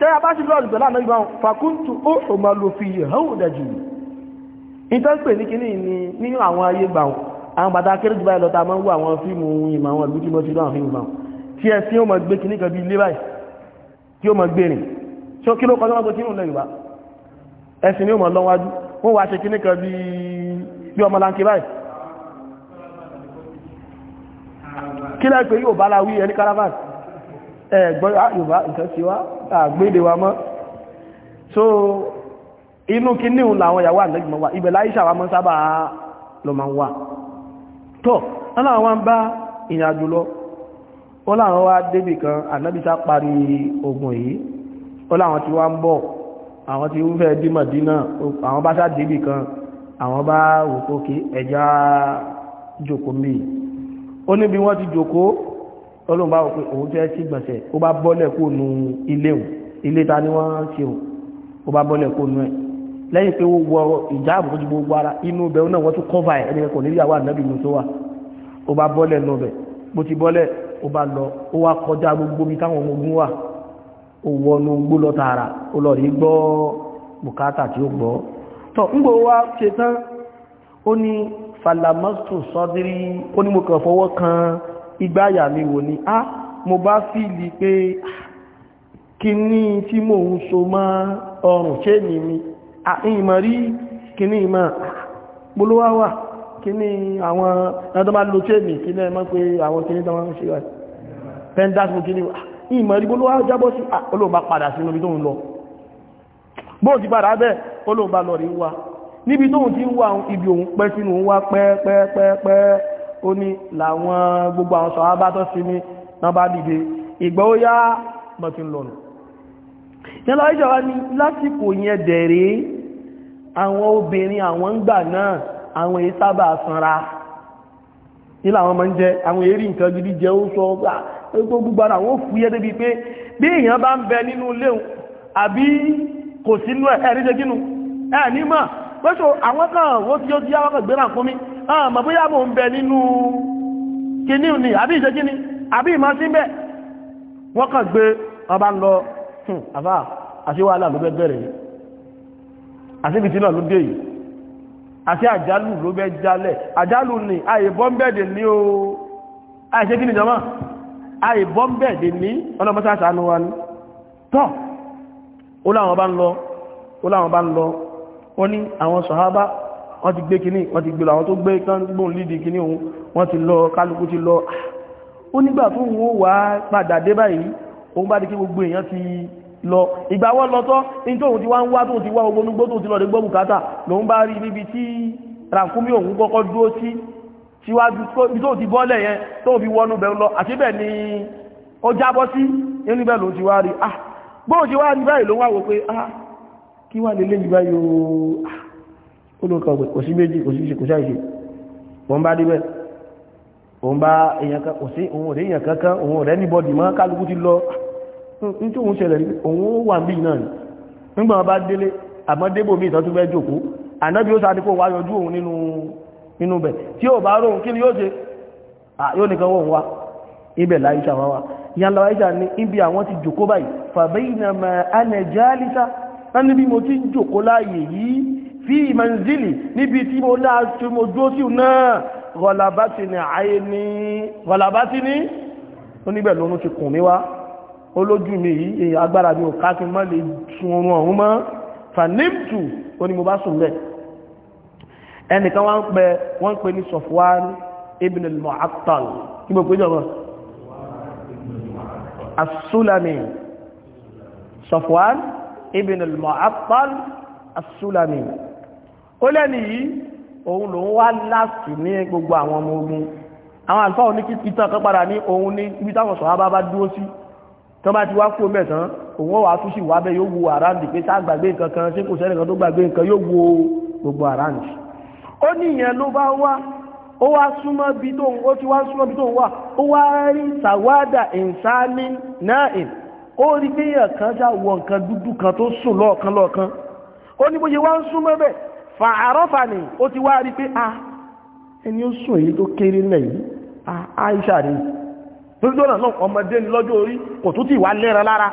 S1: tẹ́ a bá sí lọ́ọ̀dù pẹ̀lú àmọ́ ìbáwọn fàkúntù ó ṣòmọ lò fi hàn dájú ìtọ́pè ní kíní ní nínú àwọn ayé gbà wọn tí mo tí ó mọ̀ gbé kíní kan bí ilé báyìí tí ó mọ̀ gbé rìn tí ó kí ló kọjọ́ mọ́ tó kí nù lẹ́yìn ẹ̀sìn ni ó mọ̀ lọ́wájú wọ́n wá ṣe kíní kan bí ọmọ láńkí báyìí kí láìpẹ́ yóò bá láwí ẹni caravan ẹ̀gbọ́n ah, yorùbá nǹkan sí wá àgbéde wa mọ́ so inú kíní òun làwọn ìyàwó àlẹ́gbọ̀n wa ibẹ̀ láìṣà wa mọ́ sábà lọ máa wà tọ́ aláwọn wa ń bá ìrìnàjò lọ ó láwọn wá àwọn tí ó fẹ́ dí Mọ̀dínà àwọn bá sáàdébì kan àwọn bá wòkókè ẹja jòkó mí ó níbi wọ́n ti jòkó ọlọ́mbà òkú òun fẹ́ sí gbọ̀nsẹ̀ ó bá bọ́lẹ̀ kó nu ilé ta ni wọ́n ṣe hùn ó bá bọ́lẹ̀ kó nu ẹ̀ lẹ́yìn pé ó wọ ìjáàbù tó ti gbogbo ara inú ibẹ̀ náà wọ́n tún kọ́fà ẹ̀ ẹnìkan kò ní ìyàwó ó wọnú gbólọ tààrà ó lọ rí gbọ́ bùkátà tí ó gbọ́ tọ́ ń gbò wá ṣe tán ó ní falamastu sọ́dírí ó ní mo kàn fọwọ́ kan igbáyà mi wò ní á ah, mo bá fìlì pé ah, kíní tí mò ń so mọ́ ọrùn ṣé ní mi àìmọ̀ ah, rí kíní ìmọ̀ gbólówá wà àwọn ẹ̀dọ́ bá lo ṣé ní kíní ẹ̀mọ́ pé àwọn kíní tó ṣe wà pẹ́ńdásmù kíní wà ìmọ̀ ìdígbó ló wá jábọ́ sí olóòbá ah, padà sí níbi tó ń lọ bóò ti padà bẹ́ olóòbá lọ rí wá níbi tó ń ti wá ibi òun pẹ́ sínú wá pẹ́ẹ́pẹ́ẹ́pẹ́ ó ní làwọn gbogbo àwọn sọ̀hábá tó sí ọmọ ń jẹ àwọn èrí nǹkan gidi jẹ ó sọ ah, gbogbo gbogbo ara wọn fúyẹ́ débi pé bí èèyàn bá ń bẹ nínú léun àbí kò sínú ẹ̀ ẹ̀rí ṣe gínú ẹ̀ ní mọ̀ pẹ́ṣọ́ àwọn kan wọ́n tí ó ti yáwọ́ gbéra fún mi àmọ́ bóyá mò ń bẹ nínú kíní ni àbí ìṣe kíní àbí ìmọ̀ sí bẹ́ wọ́n kàn gbé ọba ń lọ hmm, àfà àṣíwàhálà ló bẹ́ bẹ̀rẹ̀ yìí àṣíbìtì náà ló dé yìí àṣí àjálù ló bẹ́ jálẹ̀ àjálù ni àyè bọ́m̀bẹ̀dẹ̀ ní o àìṣe kíní jọmọ́ àìbọ́m̀bẹ̀ lè ní ọlọ́mọ́sáàsà ánú wa ní tọ́ ó láwọn bá ń lọ ó láwọn bá ń lọ wọ́n ní àwọn sọ̀hábá wọ́n ti gbé kíní wọ́n ti gbé àwọn tó gbé gbóhùn lídìí kíní òun wọ́n ti lọ kálukú ti lọ ó nígbà tó wọ́n wà padà dé báyìí òun bá di kí gbogbo èèyàn ti lọ ìgbà síwájú tó ti bọ́lẹ̀ yẹn tó fi wọnú bẹ̀ lọ àṣíbẹ̀ ni ó jábọ́ sí inú bẹ̀ ló ti wá rí ah gbóò ti wá rí báyìí ló wá wò pé ah kí wá lè léyìí báyìí ah, ó ló kọ̀ kò sí méjì kò sí ṣe kò sáìṣe wọ́n bá débẹ̀ òun bá èèyàn kan kò sí òun ò réèyàn kankan òun ò rẹ́ ní bọ́dì mọ́ kálukú ti lọ ah, ní tí òun ṣẹlẹ̀ òun wà níbí náà ni nígbà wọn bá délé àmọ́ débò mí ìtọ́jú fẹ́ jòkó ànábí ó sáré kó wá yọjú òun nínú nínú bẹ̀ tí ó bá róhun kí ni yóò ṣe yóò nìkan wọ́n wá ibẹ̀ láìṣà wá wá ìyànlá láìṣà ní ibi àwọn ti jòkó báyìí fàbẹ́yìnàmà anẹjálísà láti bí mo ti jòkó láàyè yìí fi manzili, níbi tí mo láàṣù mo dúró sí náà gọlàbátì ní ayé ní gọlàbátì ní oníbẹ̀ lónú ti kùn mí wá olójú mi yìí èyàn agbára sun oorun ẹnìkan wọ́n ń pẹ wọ́n ń pẹ ní Sofwan ibn al-Mu'attal kí mo péjọ wọn as-Sulami Sofwan ibn al-Mu'attal as-Sulami ó lẹ́ni yìí òun ló ń wá láti ní gbogbo àwọn ọmọ ogun àwọn àlùfáà oníkìtìtàn kan padà ní òun ní ibi táwọn sọ̀hábà bá dúró sí tán bá ti wá kúrò mẹ́sàn òun wà tún wà bẹ́ yóò wo àráǹdì pé tá gbàgbé nǹkan kan sí kò sẹ́nìkan tó gbàgbé nǹkan yóò wo gbogbo àráǹdì ó ní ìyẹn ló bá wá ó wá súnmọ́ bí tó ń ó ti wá súnmọ́ bí tó ń wà ó wá rí sàwádà ìsáni náà ìn ó rí pé èèyàn kan ṣá wọ nǹkan dúdú kan tó sùn lọ́ọ̀kan lọ́ọ̀kan ó ní bóyá wá ń súnmọ́ bẹ́ẹ̀ fà ó ti wá rí pé a ẹni ó sùn èyí tó kéré náà a Aisha ni nítorínà náà ọmọdé ni lọ́jọ́ orí kò tún ti wà lẹ́ran lára